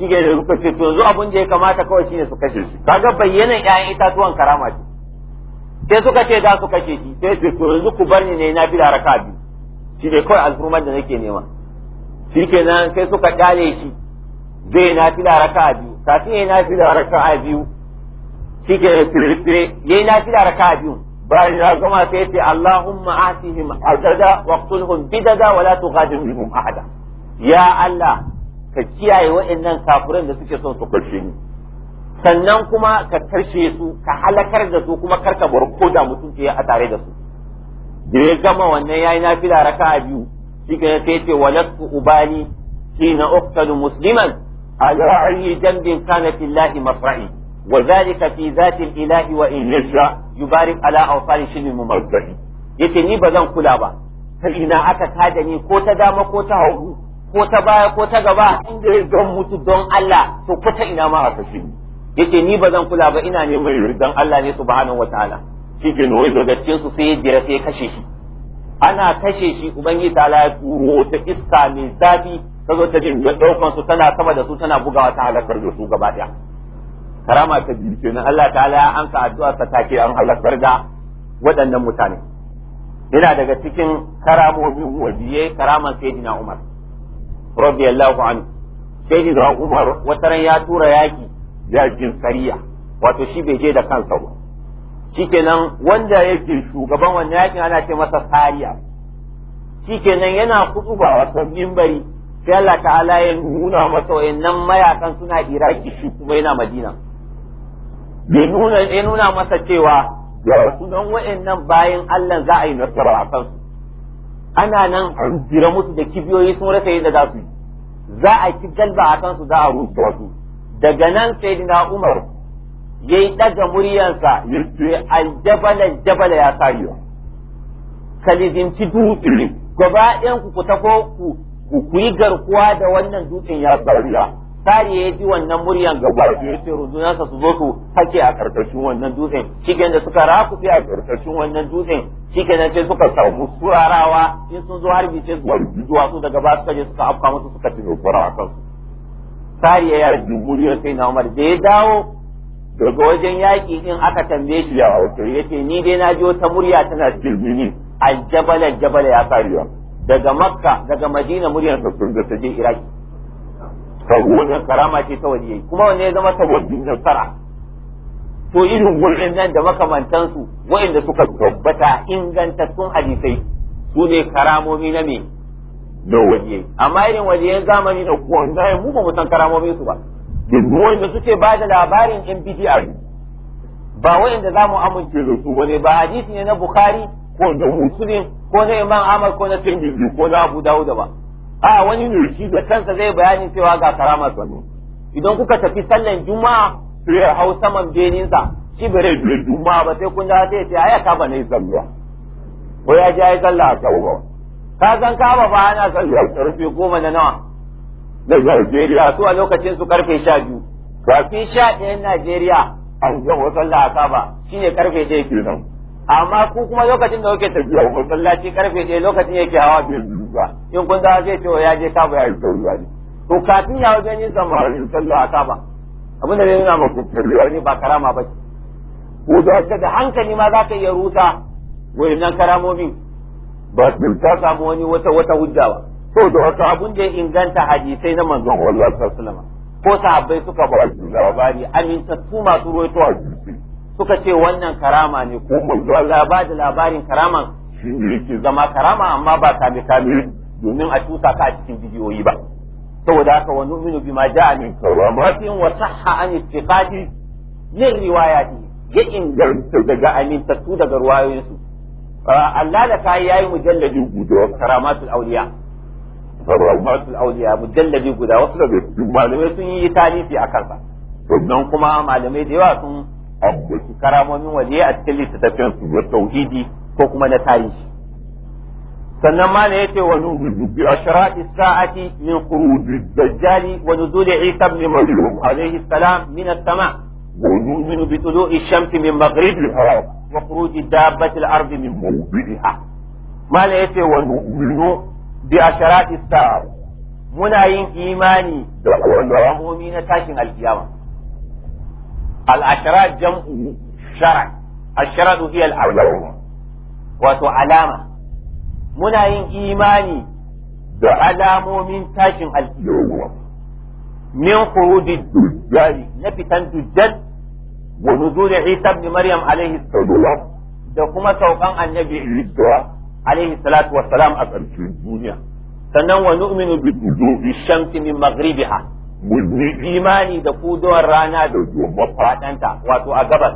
A: shi ke da suka ce to yanzu abin da ya kamata kawai shine su kashe shi kaga bayyanan 'ya'yan itatuwan karama ce sai suka ce za su kashe shi sai su to yanzu ku bar ni ne na bi da raka biyu shi ne kawai alfurman da nake nema shi nan sai suka kyale shi zai na raka a biyu kafin ya na raka a biyu shi ke firfire ya na raka a biyu bayan ya gama sai ce Allahumma atihim adada waqtulhum bidada wala tughadir bihum ahada ya Allah ka kiyaye waɗannan kafuran da suke son su karshe ni sannan kuma ka karshe su ka halakar da su kuma karka bar ko da mutunci a tare da su da ya gama wannan yayi raka a biyu shi ka sai ce walastu ubali na uqtalu musliman A ayi jambin kana fillahi mafra'i wa zalika fi zati ilahi wa in yasha yubarik ala awsari shil mumarrahi yace ni ba zan kula ba ta ina aka tada ni ko ta dama ko ta hagu ko ta baya ko ta gaba inda ya don mutu don Allah to ko ina ma a kashi yace ni ba zan kula ba ina neman don Allah ne subhanahu wataala cikin ke nori daga su sai ya jira sai kashe shi ana kashe shi ubangiji ta la turo ta iska mai zafi ta zo ta jin daukan su tana sama da su tana bugawa ta halakar da su gaba daya karama ta biyu kenan Allah ta'ala ya amsa addu'a ta take an halakar da waɗannan mutane yana daga cikin karamomin wajiye karaman sayyidina Umar radiyallahu anhu sayyidina Umar wata ran ya tura yaki yakin sariya wato shi bai je da kansa ba shikenan wanda yake shugaban wannan yakin ana ce masa sariya shikenan yana kutuba wato mimbari sai Allah ta'ala ya nuna masa wayannan mayakan suna Iraki shi kuma yana Madina bai nuna ya nuna masa cewa ya sunan wayannan bayan Allah za a yi nasara a kansu ana nan jira musu da kibiyoyi sun rasa yadda za su yi za a ki galba a kansu za a rusa wasu daga nan sai Umar ya yi ɗaga muryansa yace aljabala jabala ya kariya ka lizinci dutse gaba ɗin ku ko ku ku yi garkuwa da wannan dutsen ya kariya sari ya ji wannan muryan gaba ya ce rundunansa su zo su hake a karkashin wannan dutsen shigen da suka rakufe a karkashin wannan dutsen shi da sai suka samu surarawa in sun zo harbi sai su zuwa su daga ba suka je suka afka musu suka ci fara a kansu sari ya yi muryan sai na umar da ya dawo daga wajen yaƙi in aka tambaye shi ya wato yace ni dai na ji ta murya tana tilbini aljabala jabala ya kariya daga makka daga madina muryar ta sun ta je iraki wannan karama ce ta waliyai kuma wanne ya zama wajen nasara to irin gurbin nan da makamantansu wa'inda suka tabbata ingantattun hadisai su ne karamomi na me da waliyai amma irin waliyan zamani da kuwa mu ba mu san karamomin su ba
B: da
A: suke ba da labarin yan ba wanda za mu amince da su bane ba hadisi ne na bukhari ko da muslim ko na imam ahmad ko na tirmidhi ko na abu dawud ba a wani ne shi da kansa zai bayani cewa ga karama sanu idan kuka tafi sallan juma'a to ya hau saman sa shi bare juma'a ba sai kun da sai ce aya ka ne sallah ko ya ji ai sallah ka ba ka san ka ba ana sallah rufe goma na nawa na Najeriya su a lokacin su karfe sha biyu kafin sha ɗayan Najeriya an gama sallah a Kaba ne karfe ɗaya kenan amma ku kuma lokacin da kuke tafiya shi karfe ɗaya lokacin yake hawa bai ba. in kun dawo zai ce ya je Kaba ya yi ba ne to kafin ya wajen yin samarin sallah a Kaba abin da zai nuna maka tauriya ne ba karama ba ce ko da da hankali ma za ka iya rusa wayannan karamomin ba ta samu wani wata wata hujja ba to da wasu abun da ya inganta hadisai na manzon Allah sallallahu alaihi ko sahabbai suka ba labari amintattu masu ruwaitowa suka ce wannan karama ne ko Allah ba da labarin karama zama karama amma ba kame kame domin a tusa ka a cikin bidiyoyi ba saboda haka wa nu'minu bima ja'a min karamatin wa sahha an ittiqadi min riwayati ya inganta daga amintattu daga ruwayoyinsu Allah da kai yayi mujalladi guda karamatul awliya
B: rawmatul
A: awliya mujalladi guda wasu daga malamai sun yi tarihi a kansa sannan kuma malamai da yawa sun addaki karamomin waje a cikin littattafin su na tauhidi ko kuma na tarihi sannan ma ne yace wa nuhu bi ashrati sa'ati min khuruj ad-dajjal wa nuzul isa ibn maryam alayhi salam min as-sama' ونؤمن بطلوع الشمس من مغربها وخروج دابة الأرض من موضعها ما لا يتي ونؤمن bi a sa'ar muna yin imani da alamomi na tashin alkiyama al asharat jam'u shara asharatu hiya al wato alama muna yin imani da alamomin tashin alkiyama min khuruji dujjali na fitan dujjal wa nuzul isa ibn maryam alaihi salam da kuma saukan annabi isa alaihi salatu wassalam a ƙarshen duniya sannan wa nu'minu bi dubi shamsi min maghribiha imani da kuduwar rana da mafaɗanta wato a gabar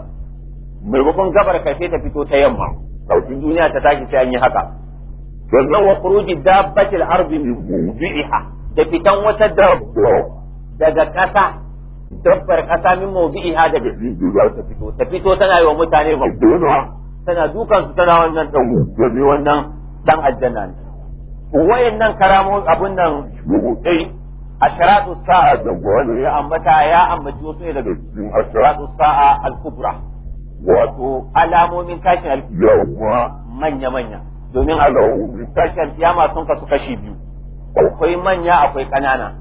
A: maimakon gabar kai sai ta fito ta yamma sautin duniya ta tashi sai an yi haka sannan wa khuruji dabbatil ardi min mawdi'iha da fitan wata dabba daga kasa. dabbar kasa min mawdi'iha daga ta fito ta fito tana yi wa mutane ba tana dukan su tana wannan dan gobe wannan dan aljanna ne nan karamo abun nan dai asharatu sa'a da wani ya ambata ya ambaci wasu ne daga asharatu sa'a al-kubra wato alamomin tashin al-kubra manya manya domin a tashin kiyama sun kasu kashi biyu akwai manya akwai kanana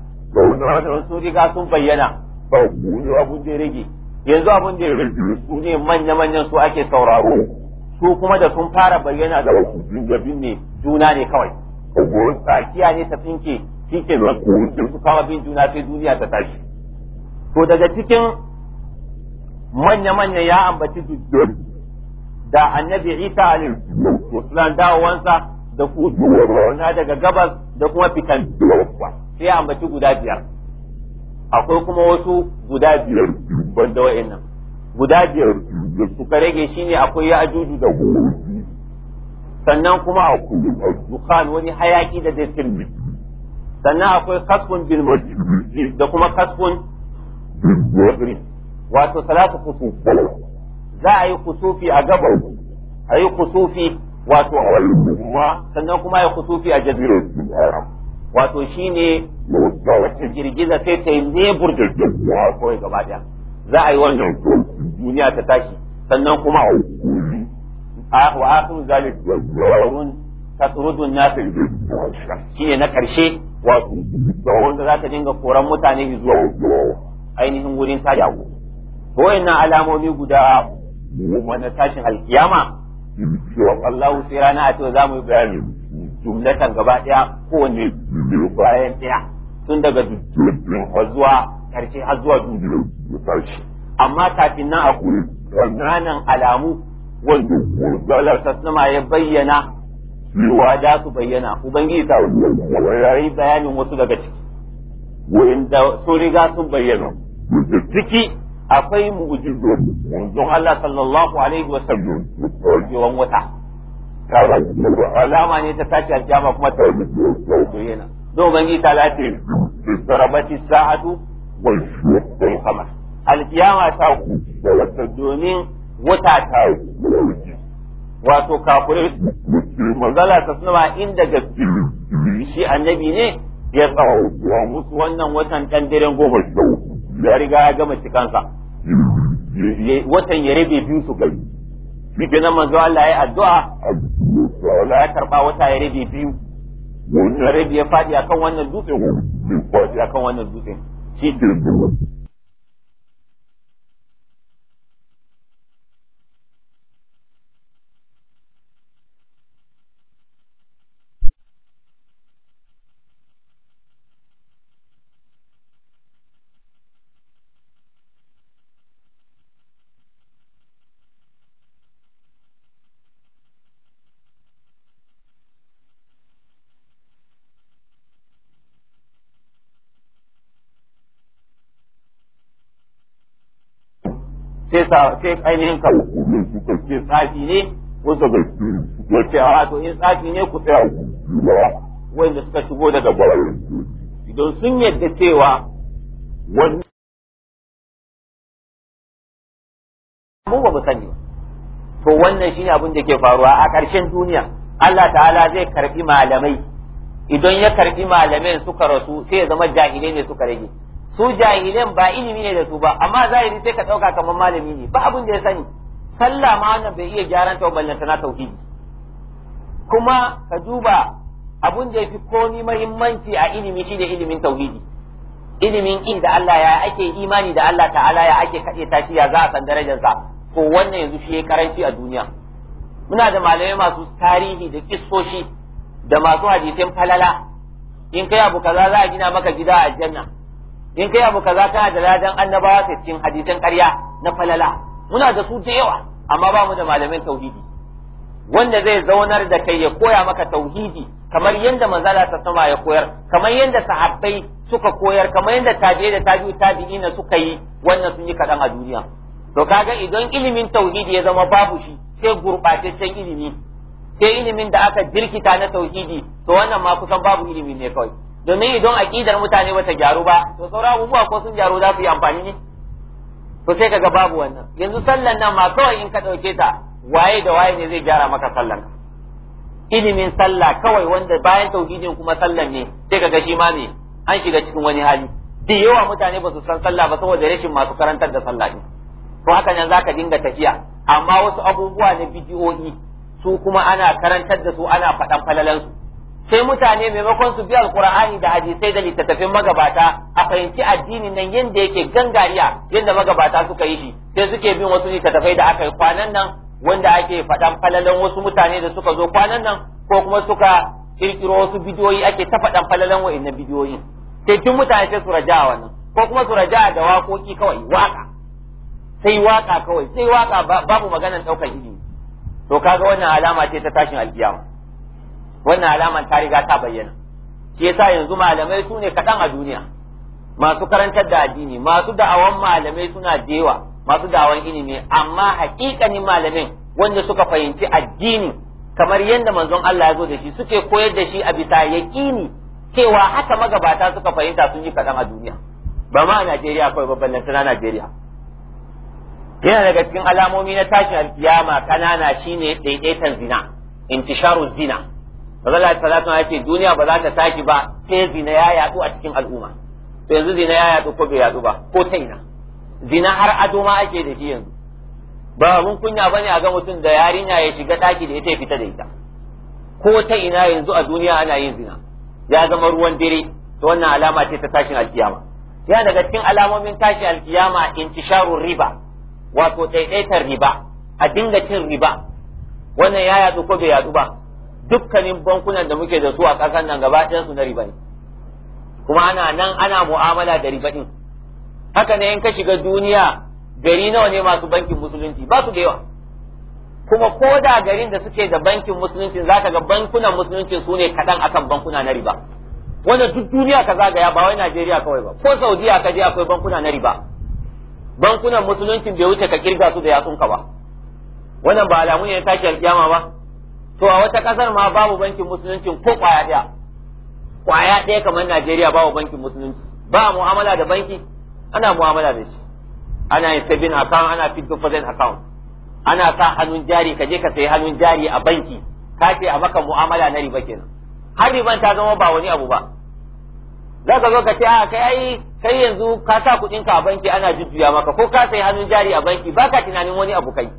A: sun riga sun bayyana abun da ya rage yanzu abun da ya rage su ne manya manyan su ake sauraro su kuma da sun fara bayyana da wasu ne juna ne kawai tsakiya ne ta tsinke shi da su kama bin juna sai duniya ta tashi to daga cikin manya-manya ya ambaci da annabi isa alil musulan dawowansa da na daga gabas da kuma fitan sai ambaci guda biyar akwai kuma wasu guda biyar banda nan. guda biyar suka rage ne akwai ya ajuju da sannan kuma a dukkan wani hayaki da zai firme sannan akwai kaskun bil da kuma kaskun wato salatu kusuf za a yi kusufi a gabar a yi kusufi wato a sannan kuma a yi kusufi a jazirar wato shi shine girgiza sai ta yi nebur da kawai gaba daya za a yi wannan duniya ta tashi sannan kuma wa akhiru zalik yawmun tasrudu an-nas shine na karshe wato wanda za ta dinga koran mutane zuwa ainihin wurin ta yawo to wayannan alamomi guda wannan tashin alkiyama wallahu sai rana a cewa za mu yi bayani jumlatan gaba daya kowanne bayan daya tun daga zuwa karshe har zuwa dukkan amma kafin nan a kuri wannan alamu wanda Allah sassama ya bayyana wa da su bayyana ubangiji ta wurare bayanin wasu daga ciki wanda su riga sun bayyana ciki akwai mu'jizo don Allah sallallahu alaihi wa sallam yawan wata alama ne ta tashi aljama kuma ta bayyana don ubangiji ta lati sarabati sa'atu wal qamar alkiyama ta ku domin wuta ta wato kafure. magana ta suna inda gaske shi annabi ne ya tsawo musu wannan watan dan daren goma ya riga ya gama cikansa watan ya rabe biyu su gari. bibi na manzo Allah ya addu'a Allah ya karba wata ya rabe biyu ya rabe ya fadi akan wannan dutse ko fadi akan wannan dutse shi sai sa sai ainihin ka ke tsafi ne wasu ga ya ce a to in tsafi ne ku tsaya wanda suka shigo daga gwamnati idan sun yadda cewa wani mu ba mu sani to wannan shine abin da ke faruwa a ƙarshen duniya Allah ta'ala zai karbi malamai idan ya karbi malamai suka rasu sai ya zama jahilai ne suka rage su jahilan ba ilimi ne da su ba amma zahiri sai ka dauka kamar malami ne ba abin da ya sani sallah ma wannan bai iya gyaran ta ballanta na tauhidi kuma ka duba abin da yafi komi muhimmanci a ilimi shi da ilimin tauhidi ilimin in da Allah ya ake imani da Allah ta'ala ya ake kade ta shi ya za a san darajarsa ko wannan yanzu shi ya karanci a duniya muna da malamai masu tarihi da kissoshi da masu hadisin falala in kai abu kaza za a gina maka gida a janna in kai abu kaza da ladan annabawa sai cikin hadisan ƙarya na falala muna da su da yawa amma ba mu da malamin tauhidi wanda zai zaunar da kai ya koya maka tauhidi kamar yadda manzala ta sama ya koyar kamar yadda sahabbai suka koyar kamar yadda tabi'i da tabi'u tabi'ina suka yi wannan sun yi kaɗan a duniya to kaga idan ilimin tauhidi ya zama babu shi sai gurɓataccen ilimi sai ilimin da aka jirkita na tauhidi to wannan ma kusan babu ilimi ne kawai domin idan aqidar mutane bata gyaru ba to sauran abubuwa ko sun gyaru za su yi amfani ne to sai kaga babu wannan yanzu sallan nan ma kawai in ka dauke ta waye da waye ne zai gyara maka sallan ilimin sallah kawai wanda bayan tauhidin kuma sallan ne sai kaga shi ma ne an shiga cikin wani hali da yawa mutane ba su san sallah ba saboda rashin masu karantar da sallah ne to haka nan zaka dinga tafiya amma wasu abubuwa na bidiyoyi su kuma ana karantar da su ana faɗan falalansu sai mutane maimakon su bi alqur'ani da hadisai da littattafin magabata a fahimci addini nan yanda yake gangariya yanda magabata suka yi shi sai suke bin wasu littattafai da aka yi kwanan nan wanda ake faɗan falalan wasu mutane da suka zo kwanan nan ko kuma suka kirkiro wasu bidiyoyi ake ta faɗan falalan wa'annan bidiyoyin sai tun mutane sai su raja wannan ko kuma su raja da wakoki kawai waƙa sai waƙa kawai sai waƙa babu maganar ɗaukar ilimi to kaga wannan alama ce ta tashin alkiyama wannan alaman ta riga ta bayyana shi yasa yanzu malamai su ne kaɗan a duniya masu karantar da addini masu da'awan malamai suna dewa masu da'awan ilimi amma haƙiƙanin malamin wanda suka fahimci addini kamar yadda manzon Allah ya zo da shi suke koyar da shi a bisa yaƙini cewa haka magabata suka fahimta sun yi kaɗan a duniya ba ma a Najeriya kawai babban lantana Najeriya yana daga cikin alamomi na tashin alkiyama kanana shine ɗaiɗaitan zina intisharu zina Allah sallallahu alaihi ya ce duniya ba za ta tashi ba sai zina ya yadu a cikin al'umma to yanzu zina ya yadu ko bai yadu ba ko ta ina zina har ado ma ake da shi yanzu ba mun kunya bane a ga mutum da yarinya ya shiga daki da ita ya fita da ita ko ta ina yanzu a duniya ana yin zina ya zama ruwan dare to wannan alama ce ta tashin alkiyama ya daga cikin alamomin tashin alkiyama intisharur riba wato daidaitar riba a dinga cin riba wannan ya yadu ko bai yadu ba dukkanin bankunan da muke da su a ƙasar nan gaba ɗaya su na riba ne kuma ana nan ana mu'amala da riba din haka ne in ka shiga duniya gari nawa ne masu bankin musulunci ba su da yawa kuma ko da garin da suke da bankin musulunci za ka ga bankunan musulunci su ne kaɗan akan bankuna na riba wanda duk duniya ka zagaya ba wai Najeriya kawai ba ko Saudiya ka je akwai bankuna na riba bankunan musulunci bai wuce ka kirga su da yatsunka ba wannan ba alamu ne na tashi alkiyama ba to a wata kasar ma babu bankin musulunci ko kwaya ɗaya kwaya ɗaya kamar Najeriya babu bankin musulunci ba mu'amala da banki ana mu'amala da shi ana yin saving account ana fit deposit account ana sa hannun jari ka je ka sayi hannun jari a banki ka ce a maka mu'amala na riba kenan har riban ta zama ba wani abu ba za ka zo ka ce a kai ai kai yanzu ka sa kuɗin ka a banki ana jujjuya maka ko ka sayi hannun jari a banki ba ka tunanin wani abu kai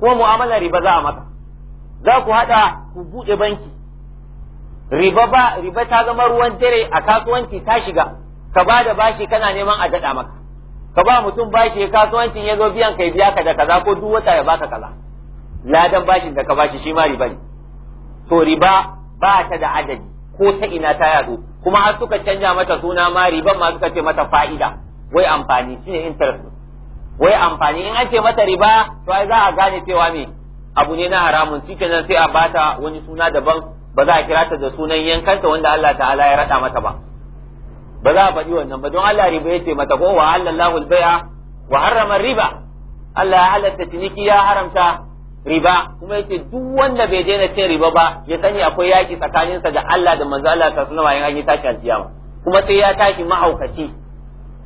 A: kuma mu'amala riba za a maka za ku haɗa ku buɗe banki riba ba riba ta zama ruwan dare a kasuwanci ta shiga ka ba da bashi kana neman a daɗa maka ka ba mutum bashi kasuwancin ya zo biyan kai biya ka da kaza ko duk wata ya baka kaza ladan bashin da ka bashi shi ma riba ne to riba ba ta da adadi ko ta ina ta yaɗu kuma har suka canja mata suna ma riban ma suka ce mata fa'ida wai amfani shine interest wai amfani in an ce mata riba to ai za a gane cewa me abu ne na haramun shi kenan sai a bata wani suna daban ba za a kira ta da sunan yankanta wanda Allah ta'ala ya rada mata ba ba za a faɗi wannan ba don Allah riba yace mata ko wa halallahu al wa harrama riba Allah ya halatta ciniki ya haramta riba kuma yace duk wanda bai daina cin riba ba ya sani akwai yaki tsakaninsa da Allah da manzo Allah ta sunna bayan an yi tashi alkiyama kuma sai ya tashi mahaukaci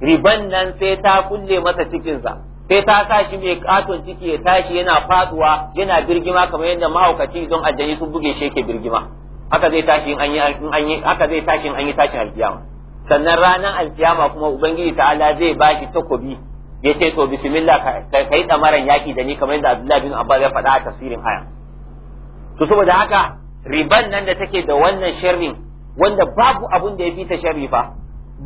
A: riban nan sai ta kulle masa cikinsa sai ta sa shi mai katon ciki ya tashi yana faduwa yana birgima kamar yadda mahaukaci don aljani sun buge shi yake birgima haka zai tashi in an yi haka zai tashi in anyi tashin alkiyama sannan ranar alkiyama kuma ubangiji ta'ala zai bashi takobi yace to bismillah ka yi damaran yaki da ni kamar yadda abdullahi bin abba ya faɗa a tafsirin aya to saboda haka riban nan da take da wannan sharrin wanda babu abun da ya fi ta sharri fa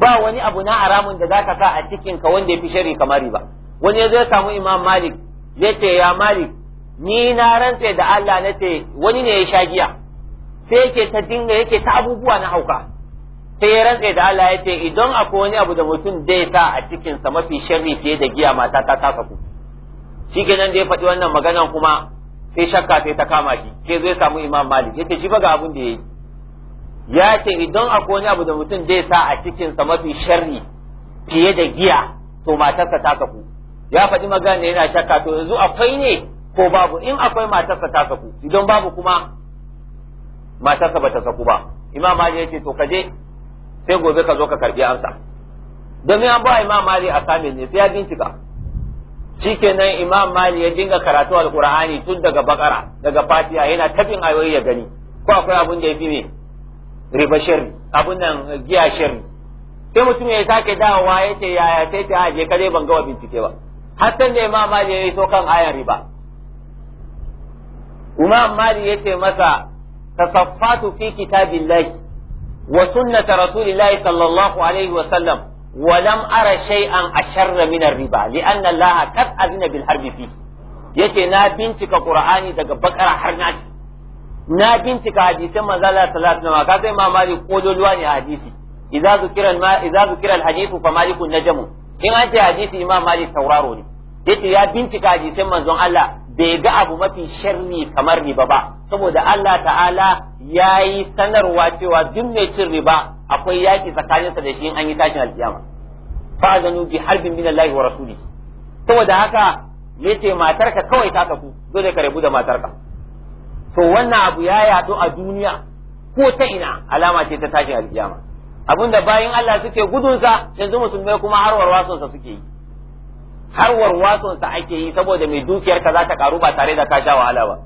A: ba wani abu na haramun da zaka sa a cikin ka wanda ya fi sharri kamar riba wani ya zai samu imam malik ya ce ya malik ni na rantse da Allah na ce wani ne ya sha giya sai yake ta dinga yake ta abubuwa na hauka sai ya rantse da Allah ya ce idan akwai wani abu da mutum zai sa a cikinsa mafi sharri fiye da giya mata ta kasa ku shi kenan da ya faɗi wannan maganan kuma sai shakka sai ta kama shi sai zai samu imam malik yace shi ba ga abin da yayi ya ce idan akwai wani abu da mutum zai sa a cikinsa mafi sharri fiye da giya to matarsa ta kafu ya faɗi magana yana shakka to yanzu akwai ne ko babu in akwai matarsa ta saku idan babu kuma matarsa ba ta saku ba imam mali yace to kaje sai gobe ka zo ka karbi amsa domin an ba imam mali a samin ne sai ya bincika shikenan imam mali ya dinga karatu alqur'ani tun daga bakara daga fatiha yana tabin ayoyi ya gani ko akwai abun da ya fi ne riba shirri abun nan giya shirri sai mutum ya sake dawowa ya ce yaya sai ta aje ka ban gawa bincike ba hatta ne ma mali ya so kan aya riba imam mali yace masa tasaffatu fi kitabillahi wa sunnata rasulillahi sallallahu alaihi wa sallam wa lam ara shay'an asharra min riba anna allaha kad azina bil harbi fi yace na bincika qur'ani daga bakara har na na bincika hadisan manzo Allah sallallahu alaihi wa sallam kaga imam mali kodoluwa ne hadisi idza zukira ma idza zukira al hadithu fa malikun najmu in an ce hadisi imam malik tauraro ne yace ya bincika hadisin manzon Allah bai ga abu mafi sharri kamar riba ba saboda Allah ta'ala yayi sanarwa cewa duk mai cin riba akwai yaƙi tsakaninsa da shi in an yi tashin alkiyama fa zanu bi harbin min Allah wa rasuli saboda haka yace matarka kawai ta tafi dole ka rabu da matarka to wannan abu ya yaɗu a duniya ko ta ina alama ce ta tashin alkiyama Abun da bayin Allah suke gudunsa yanzu musulmai kuma har warwasonsa suke yi har warwasonsa ake yi saboda mai dukiyar ka za ta karu ba tare da ka sha wahala ba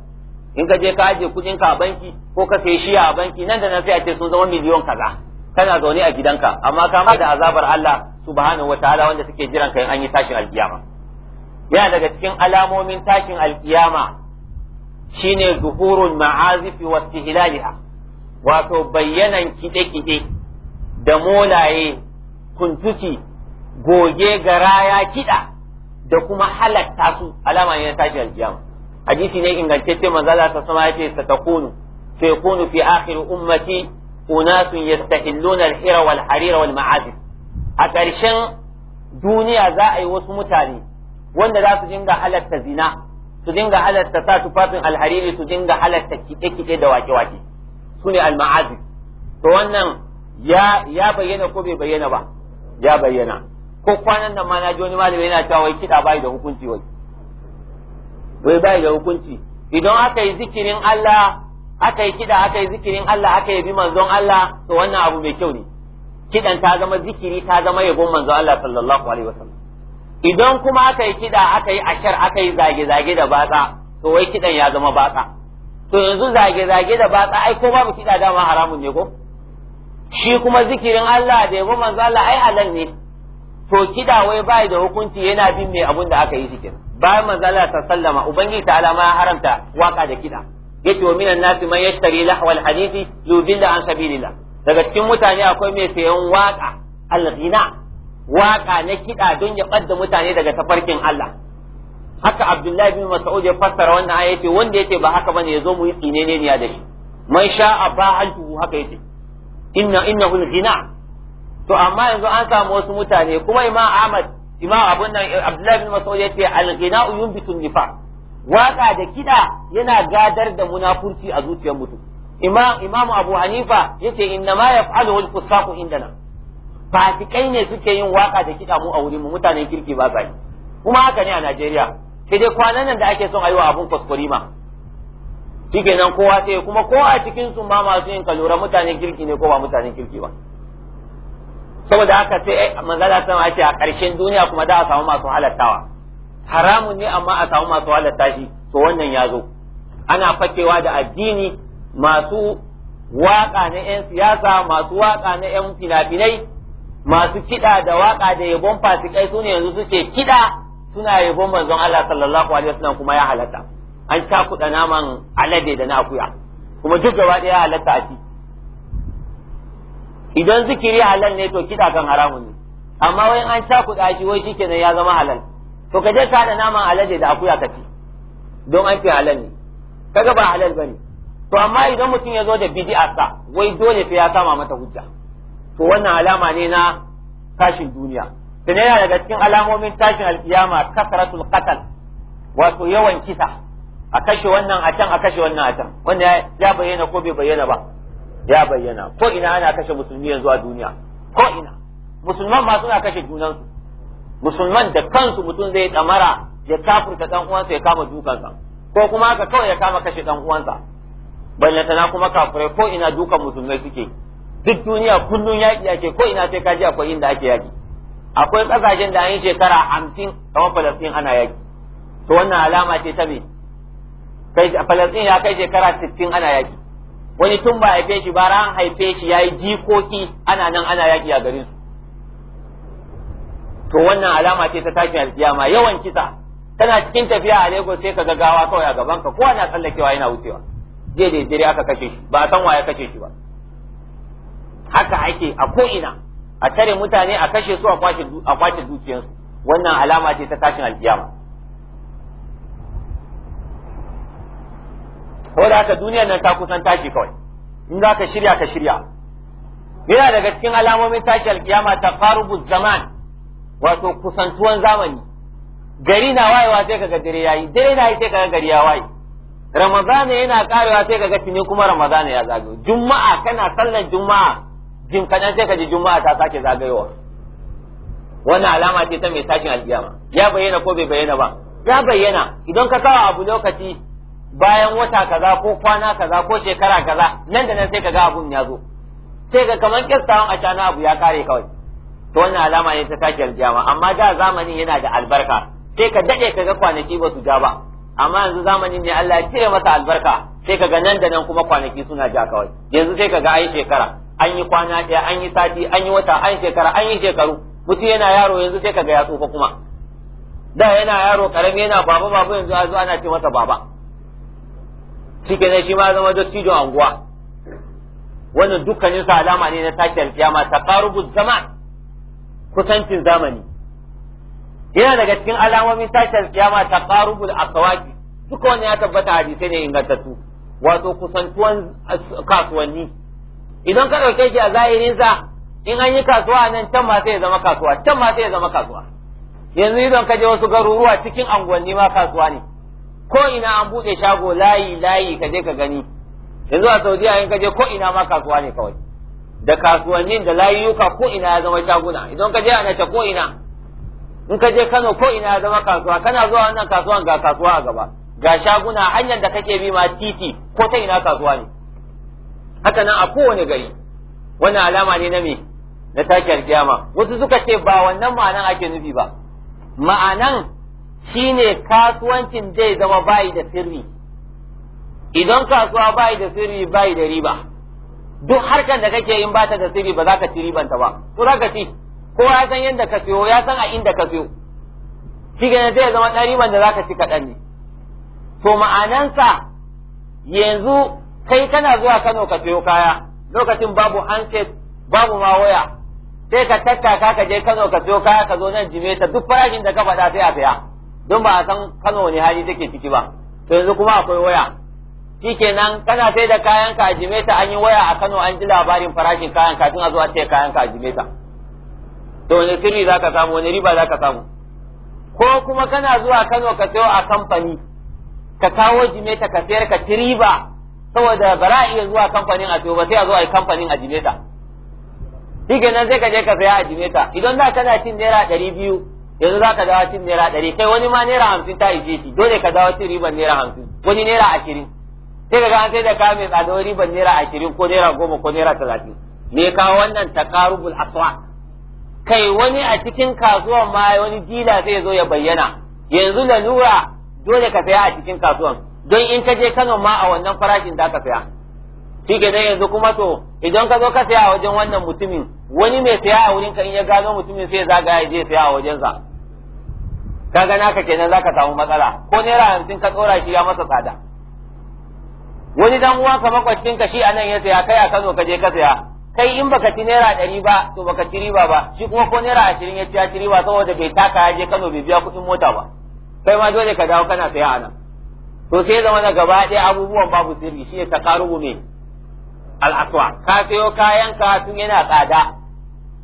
A: in ka je ka aje kudin ka a banki ko ka sai shiya a banki nan da nan sai a ce sun zama miliyon kaza kana zaune a gidanka amma kama da azabar Allah subhanahu wataala wanda suke jiran kai an yi tashin alkiyama yana daga cikin alamomin tashin alkiyama shine zuhurul ma'azifi wa istihlaliha wato bayyanan kide-kide da molaye kuntuki goge garaya kiɗa da kuma halatta su alama ne na tashi alkiyama hadisi ne ingantacce manzo Allah ta sama yace satakunu sayakunu fi akhir ummati unasun yastahilluna al wal harira wal ma'azif a ƙarshen duniya za a yi wasu mutane wanda za su dinga halatta zina su dinga halatta sa tufafin alhariri su dinga halatta kiɗe-kiɗe da wake-wake su ne al to wannan ya bayyana ko bai bayyana ba ya bayyana ko kwanan nan ma na ji wani malami yana cewa wai kiɗa bai da hukunci wai wai bai da hukunci idan aka yi zikirin Allah aka yi kiɗa aka yi zikirin Allah aka yi bi manzon Allah to wannan abu mai kyau ne kiɗan ta zama zikiri ta zama yabon manzon Allah sallallahu alaihi wasallam idan kuma aka yi kiɗa aka yi ashar aka yi zage-zage da batsa to wai kiɗan ya zama batsa to yanzu zage-zage da batsa ai ko babu kiɗa dama haramun ne ko shi kuma zikirin Allah da yabo manzo Allah ai halal ne to kida wai bai da hukunci yana bin mai abun da aka yi zikirin bayan manzo Allah ta sallama ubangiji ta alama ya haramta waka da kida yace wa minan nasi man yashtari lahwal hadisi billa an sabilillah daga cikin mutane akwai mai sayan waka alghina waka na kida don ya badda mutane daga tafarkin Allah haka Abdullahi bin Mas'ud ya fassara wannan ayati wanda yake ba haka bane yazo mu yi tsinene ne da shi man sha'a ba haltu haka yake inna innahu al-ghina to amma yanzu an samu wasu mutane kuma imam Ahmad imam abun nan Abdullahi bin Mas'ud yace al-ghina yunbitu nifaq waka da kida yana gadar da munafurci a zuciyar mutum imam imam Abu Hanifa yace inna ma yaf'alu al fusaq indana fasikai ne suke yin waka da kida mu a wurin mu mutanen kirki ba sai kuma haka ne a Najeriya sai dai kwanan nan da ake son a yiwa abun ma shikenan kowa sai kuma ko a cikin su ma masu yin kalura mutanen kirki ne ko ba mutanen kirki ba saboda haka sai manzala ta ma ce a ƙarshen duniya kuma da a samu masu halattawa haramun ne amma a samu masu halatta shi to wannan ya zo ana fakewa da addini masu waka na 'yan siyasa masu waka na 'yan finafinai masu kiɗa da waka da yabon fasikai su ne yanzu suke kiɗa suna yabon manzon Allah sallallahu alaihi wasallam kuma ya halatta an takuɗa naman alade da na akuya kuma duk gaba ɗaya halatta a ci idan zikiri halal ne to kiɗa kan haramun ne amma wai an takuɗa shi wai shi kenan ya zama halal to ka je ka haɗa naman alade da akuya ka ci don an fi halal ne kaga ba halal bane to amma idan mutum ya zo da bid'a sa wai dole sai ya kama mata hujja to wannan alama ne na tashin duniya to yana daga cikin alamomin tashin alkiyama kasratul qatl wato yawan kisa a kashe wannan a can a kashe wannan a can wannan ya bayyana ko bai bayyana ba ya bayyana ko ina ana kashe musulmi yanzu a duniya ko ina musulman ma suna kashe junansu musulman da kansu mutum zai tsamara ya kafurta dan uwansa ya kama dukansa ko kuma haka kawai ya kama kashe dan uwansa na kuma kafurai ko ina dukan musulmai suke duk duniya kullun yaƙi ake ko ina sai kaji akwai inda ake yaƙi akwai kasashen da an yi shekara hamsin kamar falastin ana yaki to wannan alama ce ta me kai Falastin ya kai shekara 60 ana yaki wani tun ba haife shi ba ran haife shi yayi jikoki ana nan ana yaki a garin su to wannan alama ce ta tashin alkiyama yawan kisa tana cikin tafiya a Lagos sai ka ga gawa kawai a gaban ka kowa na tsallakewa yana wucewa je da dare aka kashe shi ba san waye kashe shi ba haka ake a ko ina a tare mutane a kashe su a kwace a wannan alama ce ta tashin alkiyama saboda haka duniyar nan ta kusan tashi kawai in za ka shirya ka shirya yana daga cikin alamomin tashi alkiyama ta taqarubu zaman wato kusantuwan zamani gari na wayewa sai kaga dare yayi dare na yi sai kaga gari ya waye ramadana yana karewa sai kaga tuni kuma ramadana ya zagayo juma'a kana sallar juma'a jin kadan sai kaji juma'a ta sake zagayowa wannan alama ce ta mai tashin alkiyama ya bayyana ko bai bayyana ba ya bayyana idan ka kawo abu lokaci bayan wata kaza ko kwana kaza ko shekara kaza nan da nan sai kaga abun ya zo sai ga kamar kistawan a cana abu ya kare kawai to wannan alama ne ta tashi aljama amma da zamanin yana da albarka sai ka dade kaga kwanaki ba su ja ba amma yanzu zamanin ne Allah ya cire masa albarka sai kaga nan da nan kuma kwanaki suna ja kawai yanzu sai kaga ai shekara an yi kwana ɗaya an yi sati an yi wata an shekara an yi shekaru mutum yana yaro yanzu sai kaga ya tsufa kuma da yana yaro karami yana baba baba yanzu a zo ana ce masa baba shi ke shi ma zama cijon anguwa wannan dukkanin sa alama ne na alkiyama ta karubu zaman kusancin zamani yana daga cikin alamomin ta karubu da akawaki duka wannan ya tabbata hadisai ne ingantattu wato kusantuwan kasuwanni idan ka dauke shi a zahirin sa in an yi kasuwa nan can ma sai ya zama kasuwa can ma sai ya zama kasuwa yanzu idan ka je wasu garuruwa cikin anguwanni ma kasuwa ne ko ina an buɗe shago layi layi ka je ka gani yanzu a saudiya in ka je ko ina ma kasuwa ne kawai da kasuwannin da layuka ko ina ya zama shaguna idan ka je anata ko ina in ka je kano ko ina ya zama kasuwa kana zuwa wannan kasuwan ga kasuwa a gaba ga shaguna hanyar da kake bi ma titi ko ta ina kasuwa ne haka nan a kowane gari wannan alama ne na me na takiyar kiyama wasu suka ce ba wannan ma'anan ake nufi ba ma'anan Shi ne kasuwancin zai zama bayi da sirri idan kasuwa bayi da sirri bayi da riba duk harkar da kake yin bata da sirri ba za ka ci ribanta ba to za ka ci ko ya san yadda ka siyo ya san a inda ka siyo shi ne zai zama ɗan riban da za ka ci kaɗan ne to ma'anansa yanzu kai kana zuwa Kano ka siyo kaya lokacin babu handset babu ma waya sai ka tattaka ka je Kano ka siyo kaya ka zo nan jimeta duk farashin da ka faɗa sai a saya don ba a san Kano wani hali take ciki ba to yanzu kuma akwai waya shikenan kana sai da kayan ka jimeta an yi waya a Kano an ji labarin farashin kayan kafin a zo a ce kayan ka jimeta to wani sirri zaka samu wani riba zaka samu ko kuma kana zuwa Kano ka sayo a kamfani ka kawo jimeta ka sayar ka ci riba saboda ba za iya zuwa kamfanin a ba sai a zo a yi kamfanin a jimeta shikenan sai ka je ka saya a jimeta idan da kana cin naira ɗari biyu yanzu za ka dawo cin naira ɗari kai wani ma naira hamsin ta ishe shi dole ka dawo cin riban naira hamsin wani naira ashirin sai ka ga an sai da kame tsada riban naira ashirin ko naira goma ko naira talatin me kawo wannan a aswa kai wani a cikin kasuwan ma wani dila sai ya zo ya bayyana yanzu lalura dole ka saya a cikin kasuwan don in ka je Kano ma a wannan farashin za ka saya shi ke yanzu kuma to idan ka zo ka saya a wajen wannan mutumin wani mai saya a wurinka in ya gano mutumin sai zagaya ya je saya a wajensa Ka gana ka kenan za ka samu matsala ko naira hamsin ka tsora shi ya masa tsada wani dan uwa ka makwacin ka shi anan ya saya kai a Kano ka je ka saya kai in baka ci naira ɗari ba to baka ci riba ba shi kuma ko naira ashirin ya ci ya ci riba saboda bai taka ya je Kano bai biya kuɗin mota ba kai ma dole ka dawo kana saya anan to sai zama na gaba ɗaya abubuwan babu sirri shi ne ta karu al al'aswa ka sayo kayan ka tun yana tsada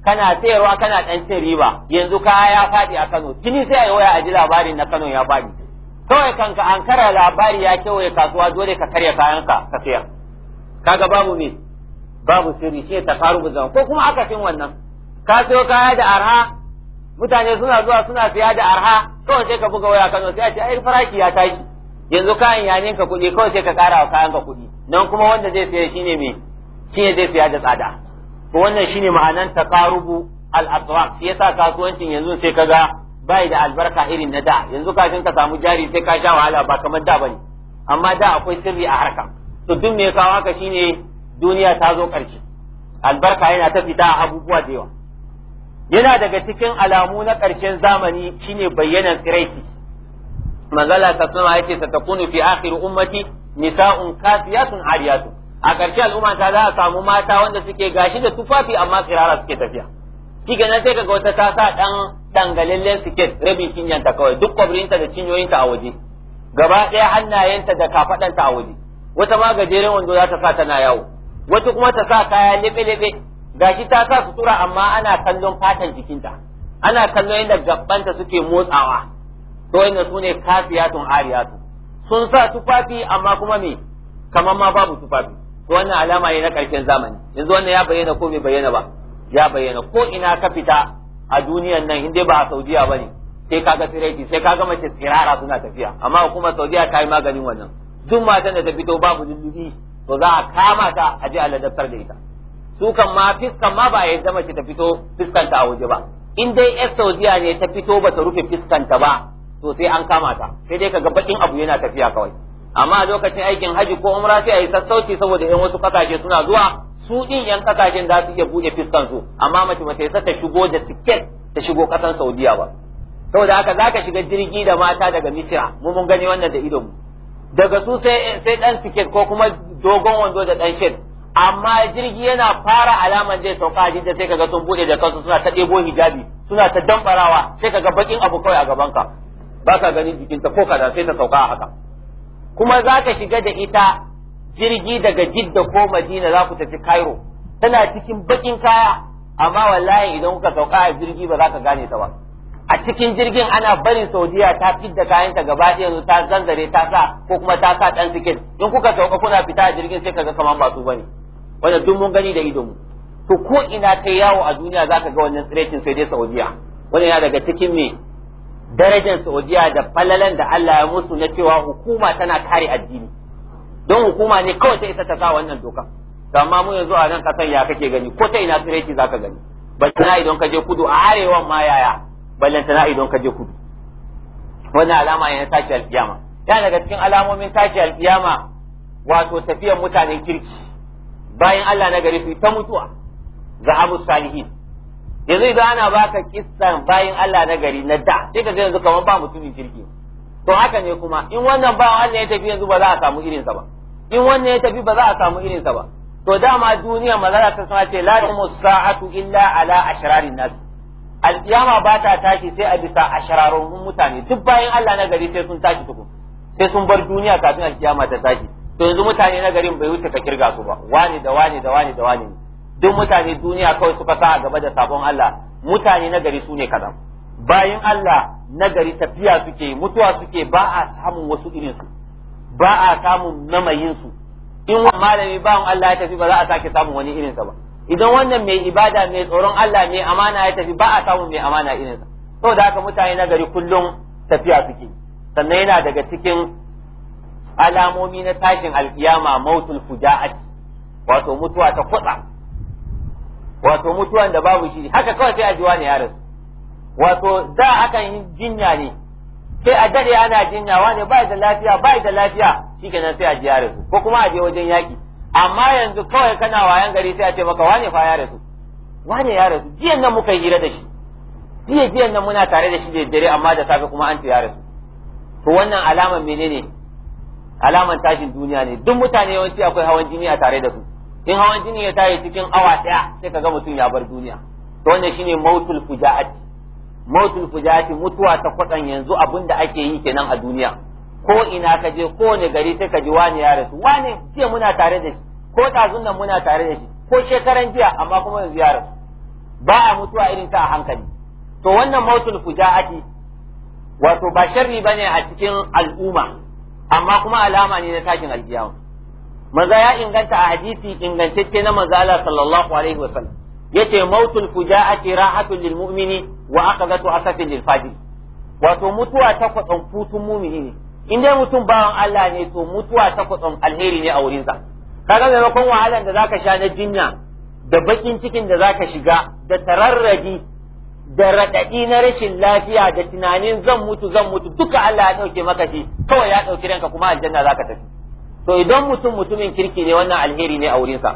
A: kana sayarwa kana ɗan cin riba yanzu kaya ya faɗi a Kano kini sai a waya a ji labarin na Kano ya faɗi kawai kanka an kara labari ya waye kasuwa dole ka karya kayanka ka sayar kaga babu me babu sirri shi ta faru zama ko kuma aka fin wannan ka sayo kaya da arha mutane suna zuwa suna siya da arha kawai sai ka buga waya Kano sai a ce ai faraki ya tashi yanzu kayan ya ninka kuɗi kawai sai ka ƙara wa kayanka kuɗi nan kuma wanda zai siya shine me shine zai siya da tsada to wannan shine ma'anan taqarubu al-aswaq shi yasa kasuwancin yanzu sai kaga bai da albarka irin na da yanzu kafin ka samu jari sai ka sha wahala ba kamar da bane amma da akwai sirri a harka to duk me kawo haka shine duniya ta zo ƙarshe albarka yana ta fita abubuwa da yawa yana daga cikin alamu na ƙarshen zamani shine bayyanan tsiraiti manzala ta sama yake takunu fi akhir ummati nisa'un kasiyatun ariyatun a ƙarshe al'umma ta za a samu mata wanda suke gashi da tufafi amma kirara suke tafiya shi na sai kaga wata ta sa dan dangalallen siket rabin cinyanta kawai duk kwabrinta da cinyoyinta a waje gaba ɗaya hannayenta da kafaɗanta a waje wata ma gajeren wando za ta sa tana yawo wata kuma ta sa kaya lebe-lebe gashi ta sa sutura amma ana kallon fatan jikinta ana kallon yadda gabbanta suke motsawa to wanda su ne kasiyatun ariyatu sun sa tufafi amma kuma me kamar ma babu tufafi To wannan alama ne na ƙarshen zamani yanzu wannan ya bayyana ko bai bayyana ba ya bayyana ko ina ka fita a duniyan nan inda ba a Saudiya ba ne sai kaga tsiraiti sai kaga mace tsirara suna tafiya amma kuma Saudiya ta yi maganin wannan duk matan da ta fito babu lullubi to za a kama ta a je a da ita su kan ma fiskan ma ba ya zama ta fito fiskanta a waje ba in dai yar Saudiya ne ta fito ba ta rufe fiskanta ba to sai an kama ta sai dai ka ga bakin abu yana tafiya kawai amma a lokacin aikin haji ko umra sai a yi sassauci saboda yan wasu kasashe suna zuwa su din yan kasashen za su iya buɗe fiskan su amma mace mace sai ta shigo da tiket ta shigo kasan Saudiya ba saboda haka zaka shiga jirgi da mata daga Misira mu mun gani wannan da ido mu daga su sai sai dan tiket ko kuma dogon wando da dan shed amma jirgi yana fara alaman zai sauka a jinta sai kaga sun buɗe da kansu suna ta ɗebo hijabi suna ta damfarawa sai kaga bakin abu kawai a gaban ka. ba ka ganin jikinta ko kaza sai ta sauka a haka kuma za ka shiga da ita jirgi daga jidda ko madina za ku tafi cairo tana cikin bakin kaya amma wallahi idan kuka sauka a jirgi ba za ka gane ta ba a cikin jirgin ana barin saudiya ta fidda kayanta gaba ɗaya ta zanzare ta sa ko kuma ta sa ɗan sikin in kuka sauka kuna fita a jirgin sai ka kaga kamar ba su bane wanda duk mun gani da idonmu to ko ina ta yawo a duniya za ka ga wannan tsirecin sai dai saudiya wannan yana daga cikin me darajar Saudiya da falalan da Allah ya musu na cewa hukuma tana kare addini don hukuma ne kawai ta isa ta sa wannan doka to amma mu yanzu a nan kasan ya kake gani ko ta ina tsireci zaka gani ballantana idon ka je kudu a arewan ma yaya ballantana idan ka je kudu wannan alama ne na tashi alkiyama ya daga cikin alamomin tashi alkiyama wato tafiyar mutanen kirki bayan Allah na gari su ta mutuwa ga abu salihin yanzu idan ana baka kissan bayin Allah na gari na da sai ka ga yanzu kamar ba mutumin kirki to haka ne kuma in wannan ba wannan ya tafi yanzu ba za a samu irin sa ba in wannan ya tafi ba za a samu irin sa ba to dama duniya mazara ta sama ce la sa'atu illa ala ashrarin nas alkiyama ba ta tashi sai a bisa ashrarun mutane duk bayan Allah na gari sai sun tashi tukun sai sun bar duniya kafin alkiyama ta tashi to yanzu mutane na garin bai wuce ka kirga su ba wani da wani da wani da wani duk mutane duniya kawai suka sa a gaba da sabon Allah mutane na gari su ne kaza bayan Allah na gari tafiya suke mutuwa suke ba a samun wasu irin su ba a samun namayin su in wani malami Allah ya tafi ba za a sake samun wani irin sa ba idan wannan mai ibada mai tsoron Allah mai amana ya tafi ba a samun mai amana irin sa saboda haka mutane na gari kullum tafiya suke sannan yana daga cikin alamomi na tashin alkiyama mautul fuja'at wato mutuwa ta kwatsa wato mutuwan da babu shi haka kawai sai a ji wani ya rasu wato da akan yi jinya ne sai a dare ana jinya wani bai da lafiya bai da lafiya shikenan sai a ji ya rasu ko kuma a je wajen yaki amma yanzu kawai kana wayan gari sai a ce maka wani fa ya rasu wani ya rasu jiyan nan muka hira da shi jiya jiyan nan muna tare da shi da dare amma da safe kuma an ce ya rasu to wannan alaman menene alaman tashin duniya ne duk mutane yawanci akwai hawan jini a tare da su in hawan jini ya tayi cikin awa daya sai ga mutum ya bar duniya to wannan shine mautul fujaat mautul fujaat mutuwa ta kwatsan yanzu abinda ake yi kenan a duniya ko ina ka je Ko ne gari sai ka ji wani ya rasu wani jiya muna tare da shi ko tazun nan muna tare da shi ko shekaran jiya amma kuma yanzu ya rasu ba a mutuwa irin ta a hankali to wannan mautul fujaat wato ba sharri bane a cikin al'umma amma kuma alama ne na tashin alkiyama maza ya inganta a hadisi ingantacce na manzala sallallahu alaihi wa sallam yace mautul fuja'ati rahatun lil mu'mini wa aqdatu asatin lil fajir wato mutuwa ta kwatsan futun mumini ne in dai mutum bawan Allah ne to mutuwa ta kwatsan alheri ne a wurin sa kaga maimakon wahalan da zaka sha na jinya da bakin cikin da zaka shiga da tararrabi da raɗaɗi na rashin lafiya da tunanin zan mutu zan mutu duka Allah ya ɗauke maka shi kawai ya ɗauki ranka kuma aljanna zaka tafi to idan mutum mutumin kirki ne wannan alheri ne a wurinsa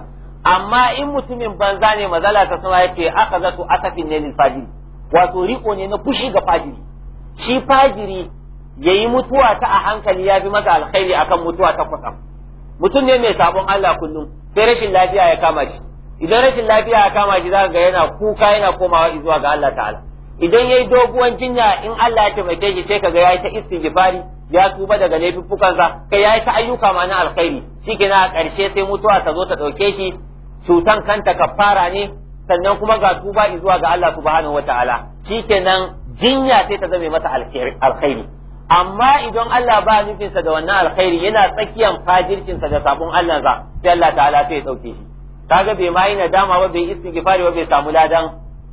A: amma in mutumin banza ne mazala ta sama yake aka zato asafin ne lil fajiri wato riko ne na fushi ga fajiri shi fajiri yayi mutuwa ta a hankali yafi masa alkhairi akan mutuwa ta kwasa, mutum ne mai sabon Allah kullum sai rashin lafiya ya kama shi idan rashin lafiya ya kama shi zaka ga yana kuka yana komawa zuwa ga Allah ta'ala idan yayi doguwan jinya in Allah ya taimake shi sai kaga yayi ta istighfari ya tuba daga laifin fukansa kai yayi ta ayyuka ma na alkhairi shikenan a ƙarshe sai mutuwa ta zo ta ɗauke shi cutan kanta kafara ne sannan kuma ga tuba zuwa ga Allah subhanahu wataala shikenan jinya sai ta zame masa alkhairi amma idan Allah ba nufinsa da wannan alkhairi yana tsakiyan fajircinsa da sabon Allah za sai Allah ta'ala sai ya ɗauke shi kaga bai ma yi nadama ba bai istighfari ba bai samu ladan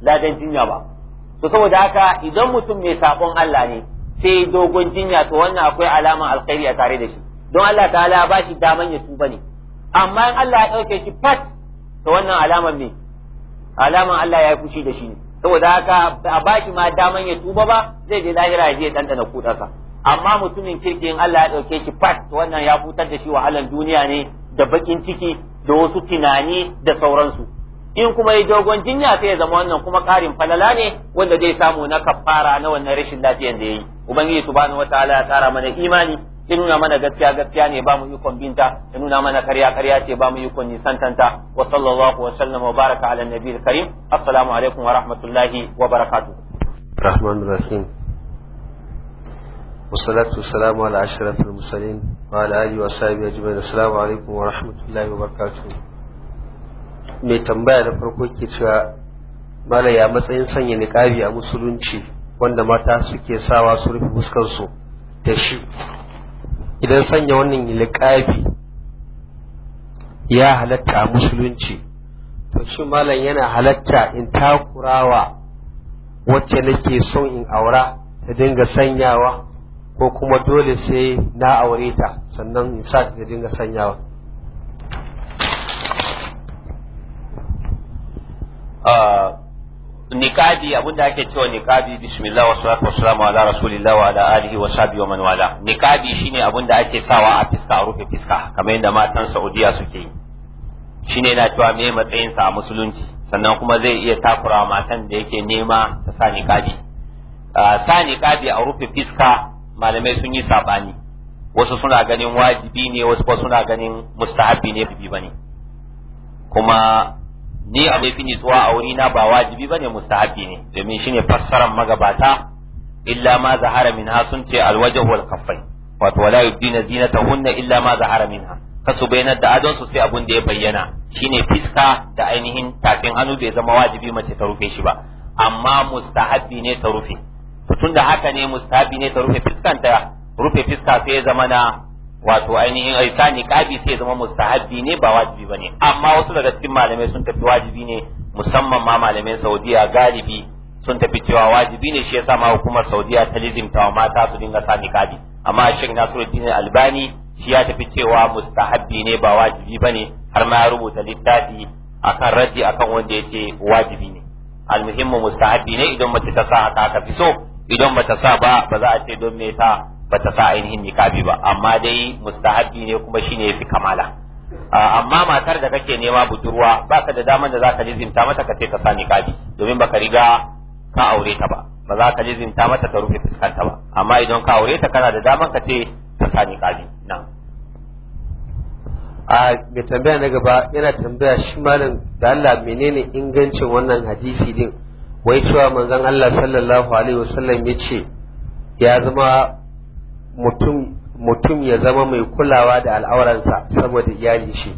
A: ladan jinya ba to saboda haka idan mutum mai sabon Allah ne sai dogon jinya to wannan akwai alama alkhairi a tare da shi don Allah ta'ala ba shi daman ya tuba ne amma in Allah ya dauke shi fat to wannan alaman ne alaman Allah ya yi fushi da shi ne saboda haka a ba shi ma daman ya tuba ba zai je lahira ya je ya dandana kudarsa amma mutumin kirkin Allah ya dauke shi fat to wannan ya futar da shi wahalan duniya ne da bakin ciki da wasu tunani da sauransu in kuma ya dogon jinya sai ya zama wannan kuma karin falala ne wanda zai samu na kafara na wannan rashin lafiyan da yayi ubangiji subhanahu wataala ya tsara mana imani ya nuna mana gaskiya gaskiya ne ba mu ikon binta ya nuna mana karya karya ce ba mu yi ikon nisantanta wa sallallahu wa sallam wa baraka ala nabiyil karim assalamu alaikum wa rahmatullahi wa barakatuh
B: rahmanir rahim والصلاة والسلام wa أشرف المرسلين وعلى آله وصحبه أجمعين السلام wa rahmatullahi wa وبركاته mai tambaya da farko ke cewa mana ya matsayin sanya niƙabi a musulunci wanda mata suke sawa su rufe fuskarsu da shi idan sanya wannan niƙabi ya halatta a musulunci to shi malam yana halatta in takurawa wacce nake son in aura ta dinga sanyawa ko kuma dole sai na aure ta sannan in sa ta dinga sanyawa
A: Ah, nikadi abinda ake cewa nikabi bismillah wa salamu ala rasulillah wa ala alihi wa sahbihi wa man wala shine abinda ake sawa a fiska a rufe fiska kamar yadda matan Saudiya suke yi shine na cewa me matsayin sa a musulunci sannan kuma zai iya takura matan da yake nema ta sa nikadi? Ah, sa nikabi a rufe fiska malamai sun yi sabani wasu suna ganin wajibi ne wasu suna ganin mustahabi ne bibi bane kuma ni abu fi nitsuwa a wuri na ba wajibi ba ne mustahabi ne domin shine fassaran magabata illa ma zahara minha sun ce alwajhu wal wato wato wala yubdina hunna illa ma zahara minha kasu bayanar da adon su sai abun da ya bayyana shine fiska da ainihin tafin hannu bai zama wajibi mace ta rufe shi ba amma mustahabi ne ta rufe tunda haka ne mustahabi ne ta rufe fiskanta rufe fiska sai ya zama na wato ainihin ai sa kabi sai zama mustahabbi ne ba wajibi bane amma wasu daga cikin malamai sun tafi wajibi ne musamman ma malamai Saudiya galibi sun tafi cewa wajibi ne shi yasa ma hukumar Saudiya ta lizimta wa mata su dinga sa niqabi amma Sheikh Nasruddin Albani shi ya tafi cewa mustahabbi ne ba wajibi bane har ma ya rubuta littafi akan raddi akan wanda yake wajibi ne almuhimmu mustahabbi ne idan mace ta sa haka aka fi so idan bata sa ba ba za a ce don me ta bata sa ainihin nikabi ba amma dai mustahabbi ne kuma shine yafi kamala amma matar da kake nema budurwa ba ka da daman da zaka lizimta mata ka ce ka sa nikabi domin baka riga ka aure ta ba ba za ka lizimta mata ka rufe fuskanta ba amma idan ka aure ta kana da daman ka ce ka sa nikabi
B: na'am a mai tambaya na gaba yana tambaya shi malam da Allah menene ingancin wannan hadisi din wai cewa manzon Allah sallallahu alaihi wasallam ya ce ya zama mutum ya zama mai kulawa da al'auransa saboda iyali shi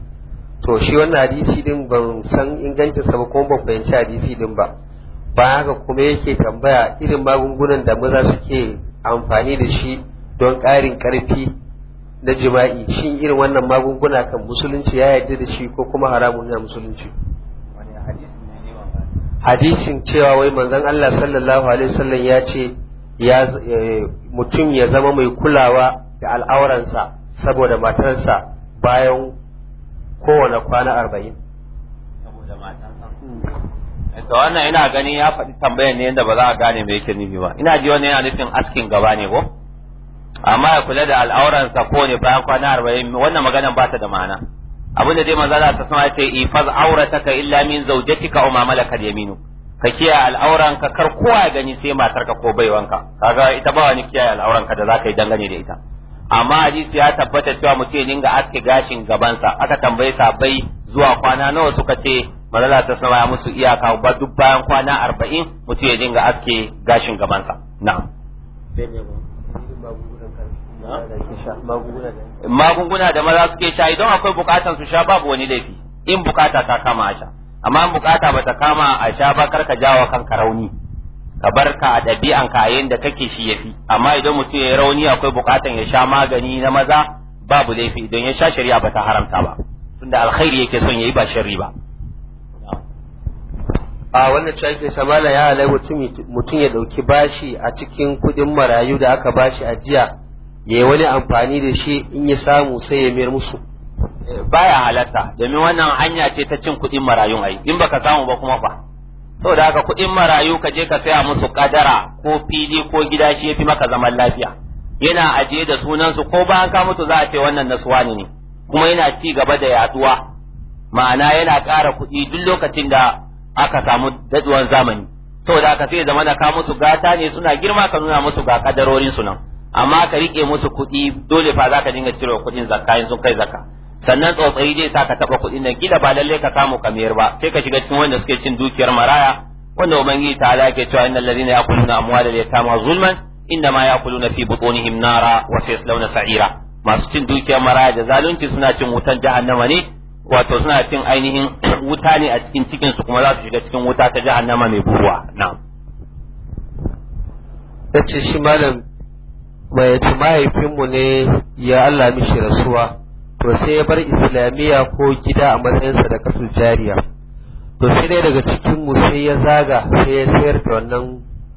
B: to shi wannan hadisi din ban san ingancin sa ba kuma ban fahimci hadisi din ba ba haka kuma yake tambaya irin magungunan da maza suke amfani da shi don ƙarin ƙarfi na jima'i shin irin wannan magunguna kan musulunci ya yarda da shi ko kuma haramun na musulunci hadisin cewa wai manzon Allah sallallahu alaihi wasallam ya ce Eh, mutum ya zama mai kulawa da al'auransa saboda matarsa bayan kowane kwana arba'in.
A: Da wannan ina gani ya faɗi tambayar ne yadda ba za a gane mai yake nufi ba. Ina ji wani yana nufin askin gaba ne ko? Amma ya kula da al'auransa ko ne bayan kwana arba'in wannan maganan ba ta da ma'ana. Abin da dai maza za ta sama ya ce ifaz aurataka illa min zawjatika umma ma malakat yaminu. ka kiyaye al'auran ka kar kowa ya gani sai matar ka ko ka kaga ita ba wani kiyaye al'auran ka da zaka yi dangane da ita amma hadisi ya tabbata cewa mutum ya dinga aske gashin gabansa aka tambaye sabai zuwa kwana nawa suka ce malala ta sama ya musu iyaka ba duk bayan kwana arba'in mutum ya dinga aske gashin gabansa na'am magunguna da maza suke sha idan akwai bukatan su sha babu wani laifi in bukata ta kama a sha amma bukata bata kama a sha ba karka jawo kanka rauni ka bar ka a ɗabi'an ka yayin da kake shi ya fi amma idan mutum ya yi rauni akwai bukatan ya sha magani na maza babu laifi idan ya sha shari'a bata haramta ba tunda alkhairi yake son yayi ba sharri ba
B: a wannan cewa ke samala ya halai mutum ya ɗauki bashi a cikin kuɗin marayu da aka bashi a jiya ya yi wani amfani da shi in ya samu sai ya mayar musu Eh, baya halatta domin
A: wannan hanya ce ta cin kuɗin marayu ai in baka samu ba kuma fa saboda haka kuɗin marayu ka je ka saya musu kadara ko fili ko gida shi yafi maka zaman lafiya yana ajiye da sunan su ko bayan ka mutu za a ce wannan nasuwa ne kuma yana ci gaba da yaduwa ma'ana yana ƙara kuɗi duk lokacin da aka samu daduwan zamani saboda haka sai zama ka musu gata ne suna girma ka nuna musu ga kadarorin su nan amma ka rike musu kuɗi dole fa za ka dinga cire kuɗin zakka in sun kai zakka sannan tsautsayi zai sa ka taba kuɗin nan kila ba lalle ka samu kamiyar ba sai ka shiga cikin wanda suke cin dukiyar maraya wanda ubangiji ta ala yake cewa innal ladina yaquluna amwalal yatama zulman inna ma yaquluna fi butunihim nara wa sayaslawna sa'ira masu cin dukiyar maraya da zalunci suna cin wutan jahannama ne wato suna cin ainihin wuta ne a cikin cikin su kuma za su shiga cikin wuta ta jahannama mai buruwa na'am
B: yace shi malam mai mahaifinmu ne ya Allah mishi rasuwa to sai ya bar islamiyya ko gida a matsayinsa da kasu jariya to sai dai daga cikin mu sai ya zaga sai ya sayar da wannan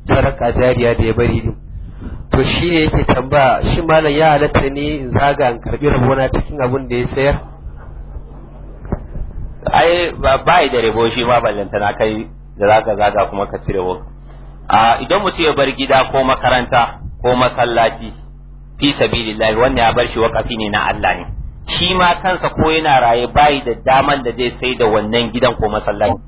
B: sadaka jariya da ya bari din to shi ne yake tambaya shi malam ya halatta ne in zaga in karbi rabona cikin abin da ya sayar
A: ai ba da rabo shi ma ballantana kai da zaka zaga kuma ka cire wa a idan mutum ya bar gida ko makaranta ko masallaci fi sabilillah wannan ya bar shi wakafi ne na Allah ne shi ma kansa ko yana raye bayi da daman da zai sai da wannan gidan ko masallaci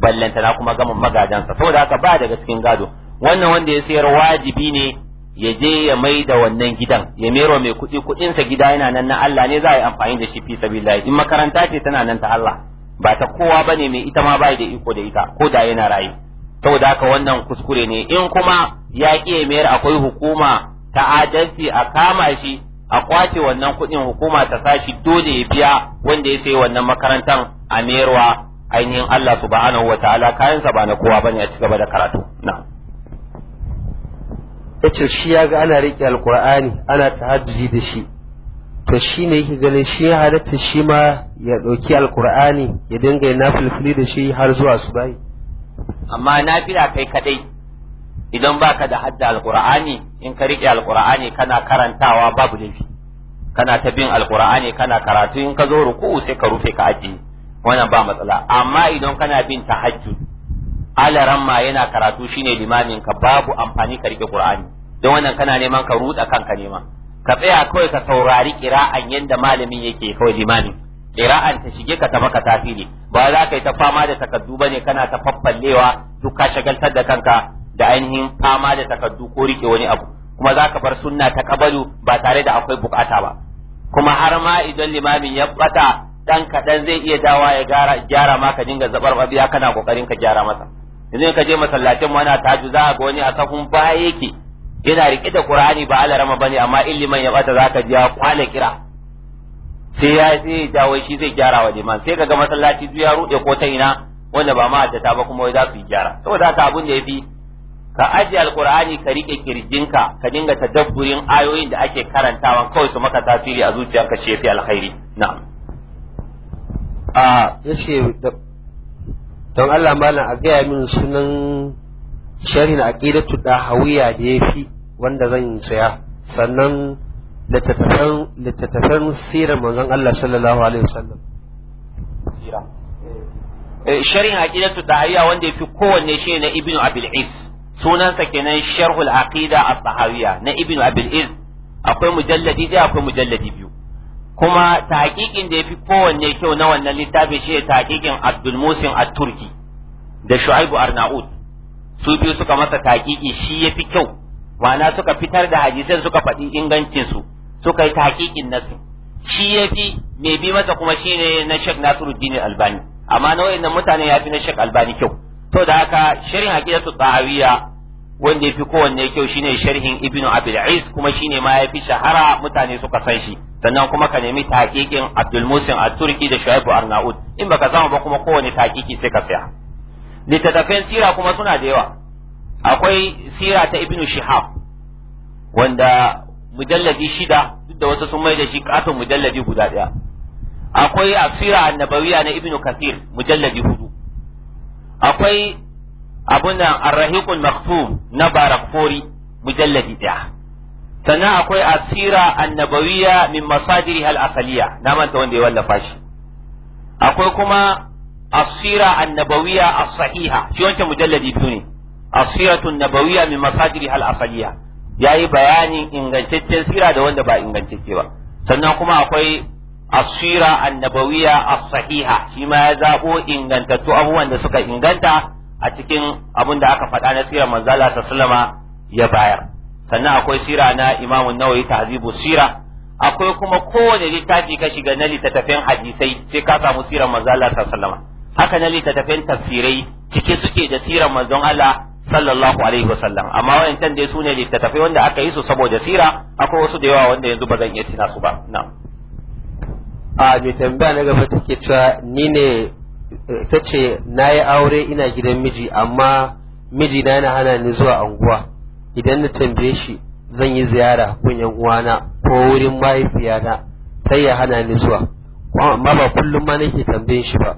A: na kuma gama magajansa saboda haka ba daga cikin gado wannan wanda ya sayar wajibi ne ya je ya mai da wannan gidan ya mero mai kuɗi kuɗinsa gida yana nan na Allah ne za a yi amfani da shi fi sabilillah in makaranta ce tana nan ta Allah ba ta kowa bane mai ita ma bai da iko da ita ko da yana raye saboda haka wannan kuskure ne in kuma ya ƙi mayar akwai hukuma ta adalci a kama shi a kwace wannan kuɗin hukuma ta sashi dole ya biya wanda ya sayi wannan makarantar a mayarwa ainihin Allah subhanahu wataala kayansa ba na kowa bane a cigaba da karatu na'am
B: yace shi ya ga ana riƙe alqur'ani ana tahajjudi da shi to shi ne yake ganin shi ya halatta shi ma ya ɗauki alqur'ani ya dinga na filfili da shi har zuwa su bayi
A: amma nafila kai kadai idan baka da hadda alqur'ani in ka rike alqur'ani kana karantawa babu laifi kana ta bin alqur'ani kana karatu in ka zo ruku'u sai ka rufe ka ajiye wannan ba matsala amma idan kana bin tahajjud alaran ma yana karatu shine limamin ka babu amfani ka rike qur'ani don wannan kana neman ka ruda kanka neman. ka tsaya kawai ka saurari kira'an yanda malamin yake kawai limamin kira'an ta shige ka tafi ka tafi ba za ka yi ta fama da takaddu bane kana ta faffallewa duk ka shagaltar da kanka da ainihin fama da takardu ko rike wani abu kuma za ka bar sunna ta kabalu ba tare da akwai bukata ba kuma har ma idan limamin ya bata dan kaɗan zai iya dawa ya gyara ma ka dinga zabar biya kana kokarin ka gyara masa idan ka je masallacin ta taju za ga wani a sahun baya yake yana rike da qur'ani ba rama bane amma illiman ya bata zaka ji ya kwale kira sai ya sai dawo shi zai gyara wa liman sai kaga masallaci duk ya rude ko ta ina wanda ba ma ta ba kuma wai za su yi gyara saboda haka abun da yafi ka ajiye alkur'ani ka rike kirjinka ka dinga tadabburin ayoyin da ake karantawa kawai su maka tasiri a zuciyarka shi fi alkhairi na'am
B: a yace don Allah malam a gaya min sunan sharhin aqidatu da hawiya da yafi wanda zan saya sannan littattafan littattafan sirar manzon Allah sallallahu alaihi wasallam sira
A: eh, sharhin aqidatu da hawiya wanda yafi kowanne shi na ibnu abil is sunansa kenan sharhul aqida as-sahawiyya na ibnu abil iz akwai mujalladi ɗaya akwai mujalladi biyu kuma tahqiqin da yafi kowanne kyau na wannan littafin shi tahqiqin Abdul Musin at-Turki da Shu'aibu Arnaud su biyu suka masa tahqiqi shi yafi kyau ma'ana suka fitar da hadisan suka faɗi ingancin su suka yi tahqiqin nasu shi yafi mai bi masa kuma shine na Sheikh Nasiruddin Albani amma na wayannan mutane yafi na Sheikh Albani kyau to da haka sharhin aqidatu tahawiyya wanda yafi kowanne kyau shine sharhin ibnu abil is kuma shine ma yafi shahara mutane suka san shi sannan kuma ka nemi taqiqin abdul musin at-turki da shuaibu arnaud in baka samu ba kuma kowanne taqiqi sai ka saya littattafan sira kuma suna da yawa akwai sira ta ibnu shihab wanda mujalladi shida duk da wasu sun mai da shi katon mujalladi guda daya akwai asira annabawiya na ibnu kathir mujalladi hudu akwai abun nan arrahiqul maktum na barakfori mujalladi daya sannan akwai asira annabawiya min masadiri hal asaliya na manta wanda ya wallafa shi akwai kuma asira annabawiya as-sahiha shi wancan mujalladi biyu ne asiratu annabawiya min masadiri hal asaliya yayi bayanin ingantaccen sira da wanda ba ingantacce ba sannan kuma akwai asira annabawiya a sahiha shima ya zabo ingantattu abubuwan da suka inganta a cikin abin aka faɗa na sirar manzala ta sallama ya bayar sannan akwai sira na imamu nawawi tahzibu sira akwai kuma kowane littafi ka shiga na littattafan hadisai sai ka samu sirar manzala ta sallama haka na littattafan tafsirai ciki suke da sirar manzon Allah sallallahu alaihi wasallam amma wayancan dai su ne littattafai wanda aka yi su saboda sira akwai wasu da yawa wanda yanzu ba zan iya tina su ba
B: na'am a mai tambaya na gaba take cewa ni ne ta ce na yi aure ina gidan miji amma miji na yana hana ni zuwa anguwa idan na tambaye shi zan yi ziyara kunyan uwana ko wurin mahaifiyana sai ya hana ni zuwa amma ba kullum ma nake tambayin shi ba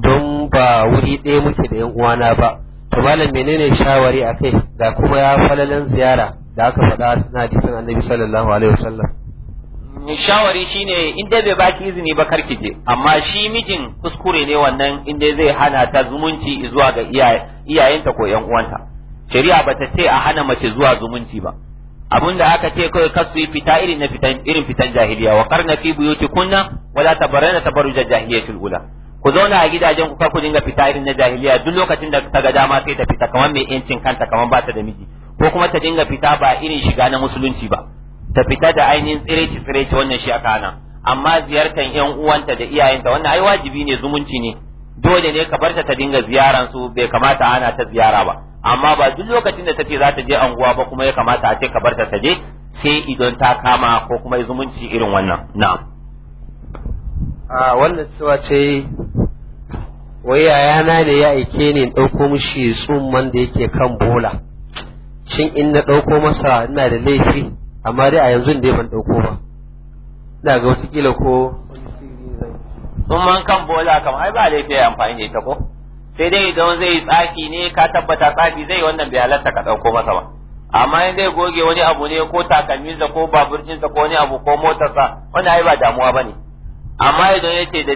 B: don ba wuri ɗaya muke da yan uwana ba to malam menene shawari a kai da kuma ya falalan ziyara da aka faɗa na hadisin annabi sallallahu alaihi wasallam
A: shawari shine in dai bai baki izini ba karki je amma shi mijin kuskure ne wannan in dai zai hana ta zumunci zuwa ga iyayenta ko yan uwanta shari'a bata ce a hana mace zuwa zumunci ba da aka ce kawai kasu yi fita irin na fitan irin fitan jahiliya wa karna fi buyuti kunna wala tabarrana tabarruja jahiliyatul ula ku zauna a gidajen ku ku dinga fita irin na jahiliya duk lokacin da ta ga dama sai ta fita kamar mai yancin kanta kamar ba ta da miji ko kuma ta dinga fita ba irin shiga na musulunci ba ta fita da ainihin tsireci tsireci wannan shi aka hana amma ziyartar yan uwanta da iyayenta wannan ai wajibi ne zumunci ne dole ne ka barta ta dinga ziyaran su bai kamata ana ta ziyara ba amma ba duk lokacin da take za ta je anguwa ba kuma ya kamata a ce ka barta ta je sai idan ta kama
B: ko kuma zumunci irin wannan na'am a wannan cewa ce wai yayana ne ya aike ni in ɗauko mishi tsumman da yake kan bola shin in na ɗauko masa ina da laifi amma dai a yanzu dai ban ɗauko ba ina ga wasu kila ko sun man kan
A: bola kam ai ba laifi ya amfani da ita ko sai dai idan zai yi tsaki ne ka tabbata tsaki zai wannan bai halatta ka ɗauko masa ba amma in dai goge wani abu ne ko takalminsa ko baburcinsa ko wani abu ko motarsa wani ai ba damuwa ba ne amma idan ya ce da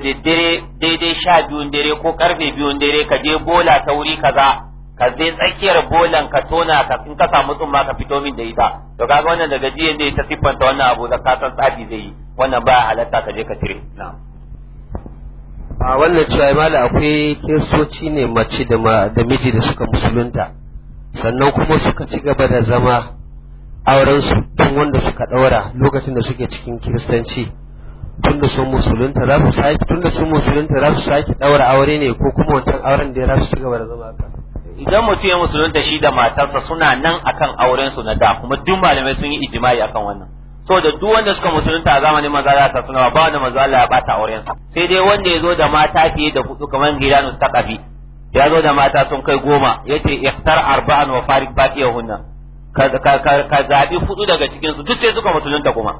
A: daidai sha biyun dare ko karfe biyun dare ka je bola ta wuri kaza ka je tsakiyar bolan ka tona ka in ka samu tsumma ka fito min da ita to kaga wannan daga jiyan ne ta siffanta wannan abu da ka san tsafi zai yi wannan ba halatta ka je ka cire na'am
B: a wannan cewa mala akwai kiristoci ne mace da da miji da suka musulunta sannan kuma suka ci gaba da zama auren su tun wanda suka daura lokacin da suke cikin kiristanci tun da sun musulunta za su sake da sun musulunta za su sake daura aure ne ko kuma wancan auren da ya za su ci gaba da zama ka.
A: idan mutum ya musulunta shi da matarsa suna nan akan auren su na da kuma duk malamai sun yi ijimai akan wannan so da duk wanda suka musulunta a zamanin manzo Allah ta suna ba wanda manzo Allah ya bata auren sai dai wanda ya zo da mata fiye da hudu kamar ta kafi ya zo da mata sun kai goma yace ihtar arba'an wa farik baqiyahunna ka ka zabi hudu daga cikin su duk sai suka musulunta kuma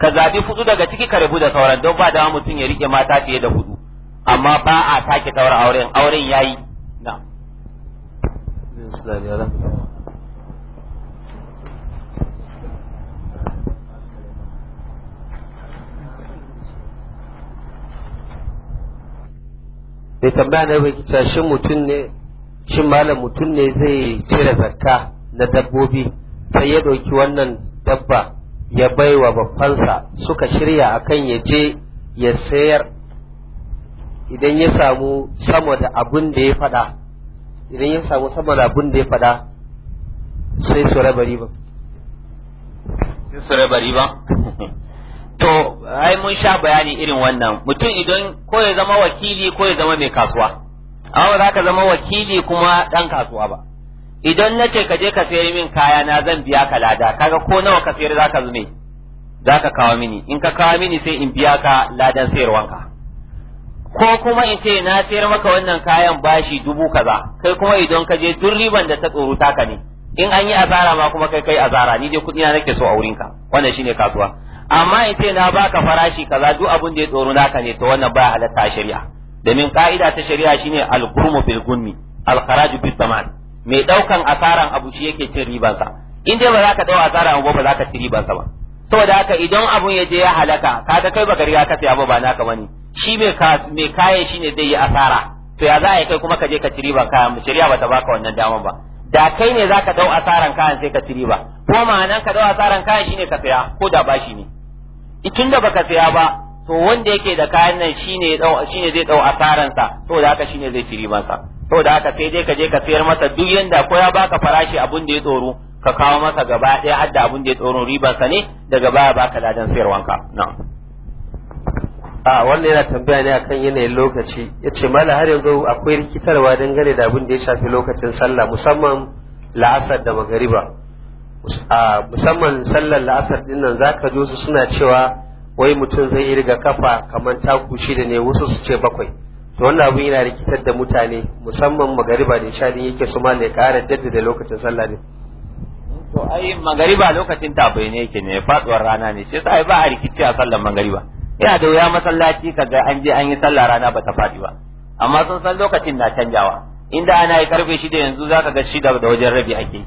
A: ka zabi hudu daga ciki ka rabu da sauran don ba da mutum ya rike mata fiye da hudu amma ba a take daura auren auren yayi
B: na'am sizler yarın. Eh, tambaya na bai kita shin mutum ne shin malam mutum ne zai cire zakka na dabbobi sai ya ɗauki wannan dabba ya baiwa babbansa suka shirya akan ya je ya sayar idan ya samu sama da abin da ya faɗa idan ya samu saman abin da ya faɗa sai su raba riba sai su raba riba
A: to ai mun sha bayani irin wannan mutum idan ko ya zama wakili ko ya zama mai kasuwa amma za ka zama wakili kuma ɗan kasuwa ba idan na ce ka je ka sayar min kaya na zan biya ka lada kaga ko nawa ka sayar za ka zume za ka kawo mini in ka kawo mini sai in biya ka ladan sayarwanka ko kuma in ce na sayar maka wannan kayan bashi dubu kaza kai kuma idan ka je duk riban da ta tsoro taka ne in an yi azara ma kuma kai kai azara ni dai kuɗi na nake so a wurin ka. wannan shine kasuwa amma in ce na baka farashi kaza duk abun da ya tsoro naka ne to wannan baya halatta shari'a domin ka'ida ta shari'a shine al-gurmu bil gunmi al-kharaju bis saman mai daukan asaran abu shi yake cin ribansa in dai ba za ka dau asaran ba ba za ka ci ribansa ba saboda haka idan abun ya je ya halaka kaga kai baka riga ka saya ba ba naka bane shi mai mai kayan shine zai yi asara to ya za a kai kuma ka je ka ci riba kayan shari'a bata baka wannan dama ba da kai ne zaka dau asaran kayan sai ka ci ba ko ma'anan ka dau asaran kayan shine ka tsaya ko da bashi ne tun da baka tsaya ba to wanda yake da kayan nan shine dau shine zai dau asaran sa to da haka shine zai ci riban sa saboda haka sai dai ka je ka sayar masa duk yanda ko ya baka farashi abun da ya tsoro ka kawo masa gaba ɗaya hadda abun da ya tsoro ribar sa ne daga baya baka
B: ladan sayarwanka na a wannan yana tambaya ne akan yanayin lokaci yace mala har yanzu akwai rikitarwa dangane da abin da ya shafi lokacin sallah musamman la'asar da magariba a musamman sallar la'asar din nan zaka jo su suna cewa wai mutum zai yi riga kafa kamar taku shida ne wasu su ce bakwai to wannan abu yana rikitar da mutane musamman magariba da isha din yake su ne ƙara jaddada lokacin sallah ne
A: to ai magariba lokacin bai ne yake ne faduwar rana ne sai sai ba a rikici a sallar magariba yana da wuya masallaci kaga an je an yi sallah rana ba ta fadi ba amma sun san lokacin na canjawa inda ana yi karfe shida yanzu zaka ga shida da wajen rabi ake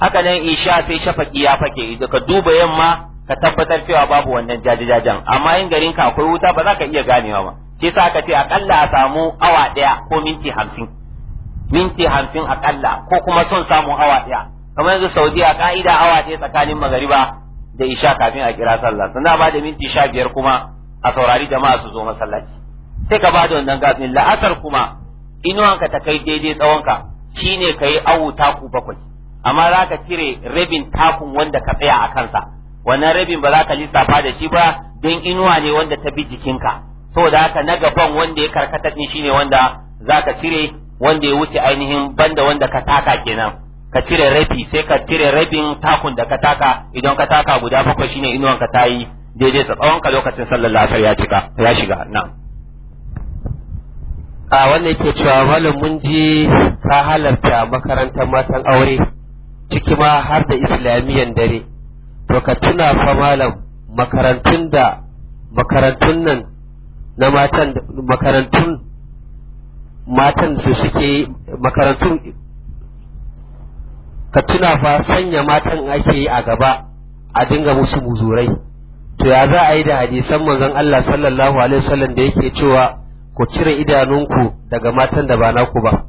A: haka nan isha sai shafaki ya fake idan ka duba yamma ka tabbatar cewa babu wannan jajajajan amma in garin ka akwai wuta ba za ka iya ganewa ba shi sa ka ce akalla a samu awa ɗaya ko minti hamsin minti hamsin akalla ko kuma son samu awa ɗaya kamar yanzu a ka'ida awa ɗaya tsakanin magariba da isha kafin a kira sallah sannan ba da minti sha biyar kuma a saurari jama'a su zo masallaci sai ka ba da wannan gafin la'asar kuma inuwanka ta kai daidai tsawonka shine ka yi awu taku bakwai amma za ka cire rabin takun wanda ka tsaya a kansa wannan rabin ba za ka lissafa da shi ba don inuwa ne wanda ta bi jikinka saboda haka na gaban wanda ya karkata ɗin shine wanda zaka cire wanda ya wuce ainihin banda wanda ka taka kenan ka cire rabi sai ka cire rabin takun da ka taka idan ka taka guda bakwai shine inuwan ka tayi
B: daidai tsawon ka lokacin sallar lafiyar ya shiga na'am a wannan ke cewa malam mun ji ka halarta makarantar matan aure ciki ma har da islamiyan dare to ka tuna fa malam makarantun da makarantun nan na matan makarantun matan su suke makarantun ka tuna fa sanya matan ake yi a gaba a dinga musu muzurai to ya za a yi da hadisan manzon Allah sallallahu alaihi wasallam da yake cewa ku cire idanunku daga matan da ba naku ba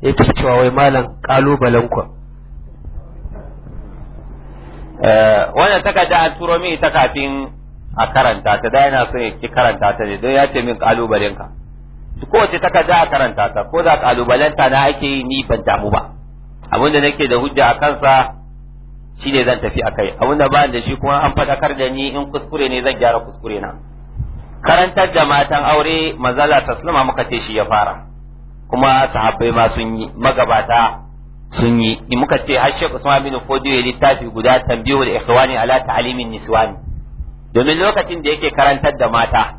B: yake cewa wai malam kalubalen ku eh,
A: wannan takarda an turo min ta kafin a karanta ta da yana so ya ki karanta ta ne don ya ce min kalubalen ka kowace takarda a karanta ta ko da kalubalen ta na ake yi ni ban damu ba abinda nake da hujja a kansa shine zan tafi akai abinda ba da shi kuma an fadakar da ni in kuskure ne zan gyara kuskure na karantar da matan aure mazala taslima muka ce shi ya fara kuma sahabbai ma sun yi magabata sun yi in muka ce har Sheikh Usman bin Fodiyo ya littafi guda tambiyo da ikhwani ala ta'limin niswani domin lokacin da yake karantar da mata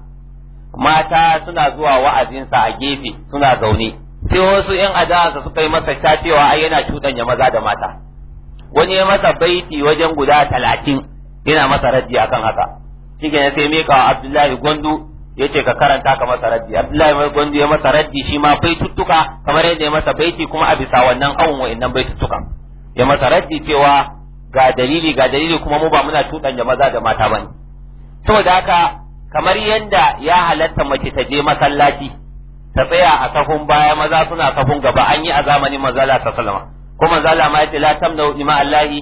A: mata suna zuwa wa'azinsa a gefe suna zaune sai wasu yan adawansa suka yi masa cewa ai yana cuɗanya maza da mata wani ya masa baiti wajen guda talatin yana masa raddi akan haka shi ne sai mika wa abdullahi gwandu ya ce ka karanta ka masa raddi abdullahi mai gwandu ya masa raddi shi ma bai tuttuka kamar yadda ya masa baiti kuma a bisa wannan awon bai tuttuka ya masa raddi cewa ga dalili ga dalili kuma mu ba muna cuɗanya maza da mata bane saboda haka kamar yadda ya halatta mace ta je masallaci ta tsaya a safun baya maza suna safun gaba an yi a zamanin manzala ta salama ko manzala ma yace la tamna ima allahi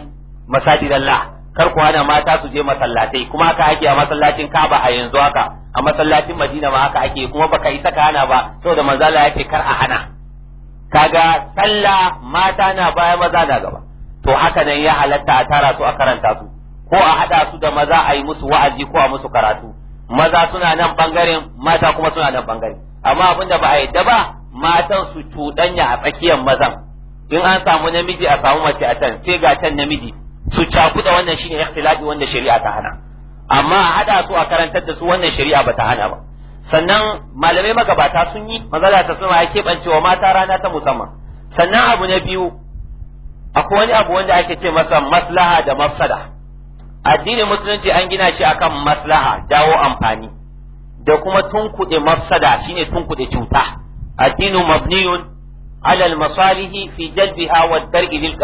A: allah kar ku hana mata su je masallatai kuma haka ake a masallacin kaba a yanzu haka a masallacin Madina ma haka ake kuma baka isa ka hana ba saboda manzala yake kar a hana kaga sallah mata na baya maza na gaba to haka nan ya halatta a tara su a karanta su ko a haɗa su da maza a yi musu wa'azi ko a musu karatu maza suna nan bangaren mata kuma suna nan bangare amma abin da ba a yadda ba matan su cuɗanya a tsakiyar mazan in an samu namiji a samu mace a can sai ga can namiji su cakuɗa wannan shine ikhtilafi wanda shari'a ta hana amma a haɗa su a karantar da su wannan shari'a ba ta hana ba sannan malamai magabata sun yi manzala ta suna ya keɓance wa mata rana ta musamman sannan abu na biyu akwai wani abu wanda ake ce masa maslaha da mafsada addinin musulunci an gina shi akan maslaha dawo amfani da kuma tunkuɗe mafsada shine tunkuɗe cuta addinu mabniyun ala al-masalihi fi jalbiha wa dar'i lil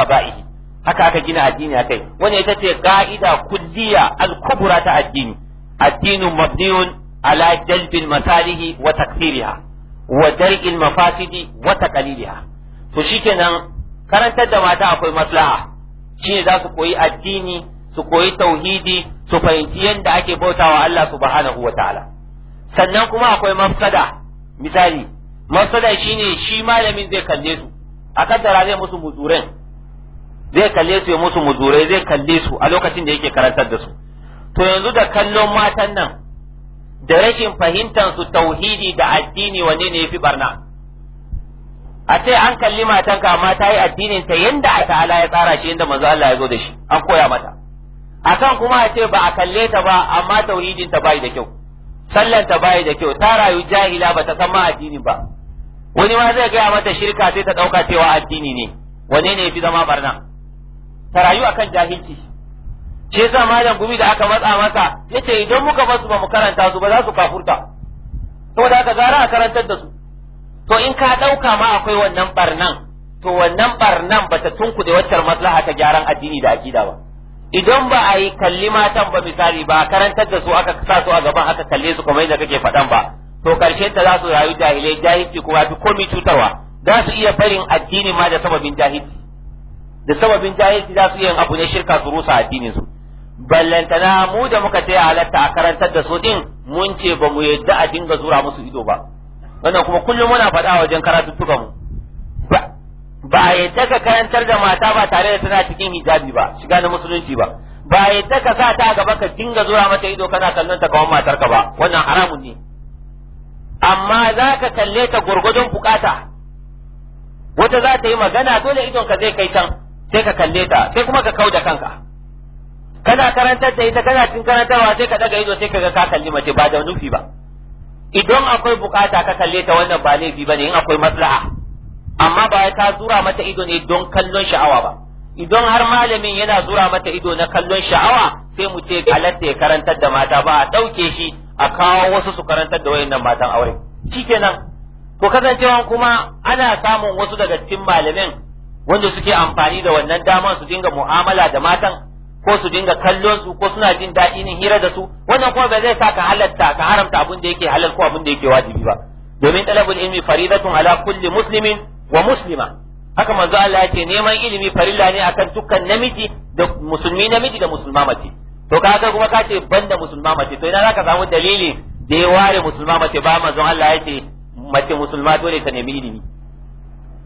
A: haka aka gina addini akai wani ita ce ka'ida kulliya al-kubra ta addini addinu mabniyun ala jalbil masalihi wa takthiriha wa dar'il mafasidi wa taqliliha to shikenan karantar da mata akwai maslaha shine za su koyi addini su koyi tauhidi su fahimci yadda ake bautawa Allah subhanahu wa ta'ala sannan kuma akwai mafsada misali mafsada shine shi malamin zai kalle su a kaddara zai musu muzuren zai kalle su ya musu muzurai zai kalle su a lokacin da yake karantar da su to yanzu da kallon matan nan da rashin fahimtar su tauhidi da addini wanne ne yafi barna a ce an kalli matanka amma ta yi addinin ta yanda a ta'ala ya tsara shi yanda manzo Allah ya zo da shi an koya mata akan kuma a ce ba a kalle ta ba amma tauhidin ta bai da kyau sallan ta bai da kyau ta rayu jahila ba ta san ma addini ba wani ma zai gaya mata shirka sai ta dauka cewa addini ne wane ne yafi zama barna ta rayu akan jahilci shi yasa malam gumi da aka matsa masa yace idan muka su ba mu karanta su ba za su kafurta saboda haka gara a karantar da su to in ka ɗauka ma akwai wannan barnan to wannan barnan bata da waccan maslaha ta gyaran addini da aƙida ba idan ba a yi kalli matan ba misali ba karantar da su aka sa su a gaban aka kalle su kamar yadda kake faɗan ba to karshen ta za su rayu jahilai jahilci kuma fi komi cutarwa za su iya barin addini ma da sababin jahilci da sababin jahilci za su iya yin abu ne shirka su rusa addinin su ballantana mu da muka ta halatta a karantar da su din mun ce ba mu yadda a dinga zura musu ido ba wannan kuma kullum muna faɗa wajen karatuttukan mu ba a yadda ka karantar da mata ba tare da tana cikin hijabi ba shiga na musulunci ba ba a yadda ka sa ta gaba ka dinga zura mata ido kana kallon ta kawon ka ba wannan haramun ne amma za ka kalle ta gurgudun bukata wata za ta yi magana dole idon ka zai kai can sai ka kalle ta sai kuma ka kau da kanka kana karantar da ita kana cin karantarwa sai ka daga ido sai ka ga ka kalli mace ba da nufi ba idan akwai bukata ka kalle ta wannan ba laifi bane in akwai maslaha amma ba ya ta zura mata ido ne don kallon sha'awa ba idan har malamin yana zura mata ido na kallon sha'awa sai mu ce galatta ya karantar da mata ba a ɗauke shi a kawo wasu su karantar da wayannan matan aure shikenan to kasancewan kuma ana samun wasu daga cikin malamin wanda suke amfani da wannan daman su dinga mu'amala da matan ko su dinga kallon su ko suna jin daɗi ne hira da su wannan kuma ba zai sa ka halatta ka haramta abin da yake halal ko abin da yake wajibi ba domin talabul ilmi faridatun ala kulli muslimin wa muslima haka manzo Allah yake neman ilimi farilla ne akan dukkan namiji da musulmi namiji da musulma mace to kaga kuma ka ce banda musulma mace to idan zaka samu dalili da ya ware musulma mace ba manzo Allah yake mace musulma dole ta nemi ilimi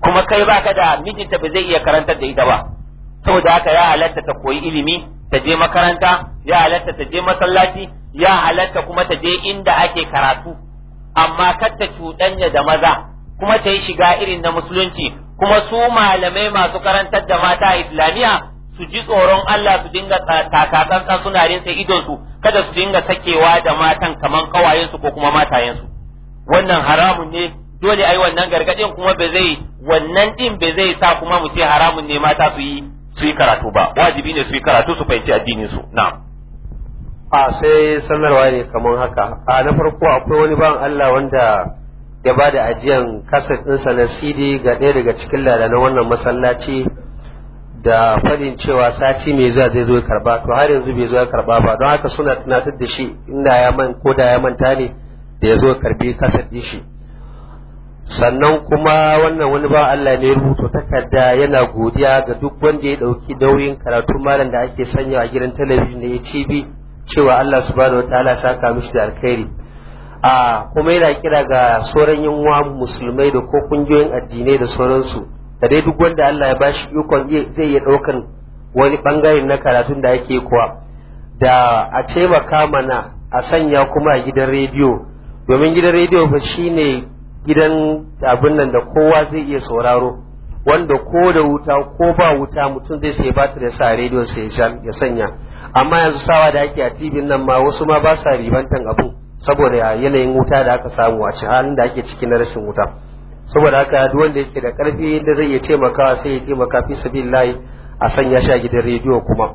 A: kuma kai baka da mijinta ba zai iya karantar da ita ba saboda haka ya halatta ta koyi ilimi ta je makaranta ya halatta ta je masallaci ya halatta kuma ta je inda ake karatu amma kar ta cuɗanya da maza kuma ta yi shiga irin na musulunci kuma su malamai masu karantar da mata a islamiyya su ji tsoron Allah su dinga takatsantsan suna rinsa idon su kada su dinga sakewa da matan kaman kawayensu ko kuma matayensu wannan haramun ne dole ai wannan gargadin kuma bai zai wannan din bai zai sa kuma mu ce haramun ne mata su yi su yi karatu ba wajibi ne su yi karatu su fahimci addinin su na'am
B: a sai sanarwa ne kaman haka a na farko akwai wani ban Allah wanda ya ba da ajiyan kaset ɗinsa na cd ga ɗaya daga cikin ladanan wannan masallaci da fadin cewa sati mai zuwa zai zo ya karba to har yanzu bai zo ya karba ba don haka suna tunatar da shi inda ya man ko da ya manta ne da ya zo ya karbi kaset ɗin shi sannan kuma wannan wani ba Allah ne rubuta takarda yana godiya ga duk wanda ya ɗauki nauyin karatu malam da ake sanya a gidan talabijin da ya cibi cewa Allah subhanahu wataala saka mishi da alkhairi a kuma yana kira ga sauran yunwa, musulmai da ko kungiyoyin addinai da sauransu da dai duk wanda Allah ya bashi ikon zai iya ɗaukan wani bangare na karatun da ake kuwa da a taimaka mana a sanya kuma a gidan rediyo domin gidan rediyo fa shine gidan abin nan da kowa zai iya sauraro wanda ko da wuta ko ba wuta mutum zai sai ba ya sa rediyon sai ya sanya amma yanzu sawa da ake a tv nan ma wasu ma ba sa ribantan abu saboda yanayin wuta da aka samu a halin da ake ciki na rashin wuta saboda haka duk wanda yake da karfi da zai iya taimakawa sai ya taimaka fi sabilillahi a sanya shi a gidan rediyo kuma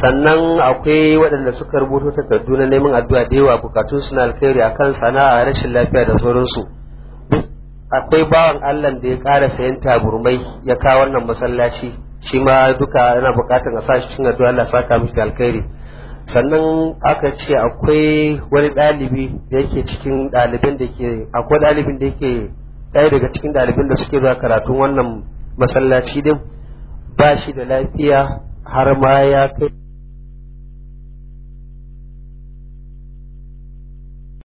B: sannan akwai waɗanda suka rubuta takardu na neman addu'a da yawa bukatun suna alkhairi akan sana'a rashin lafiya da sauransu akwai bawan Allah da ya ƙara sayan taburmai ya kawo wannan masallaci shi ma duka yana buƙatar a sa shi cin addu'a Allah saka mishi da alkhairi sannan aka ce akwai wani ɗalibi da yake cikin ɗaliban da ke akwai ɗalibin da yake ɗaya daga cikin ɗaliban da suke zuwa karatun wannan masallaci din ba shi da lafiya har ma ya kai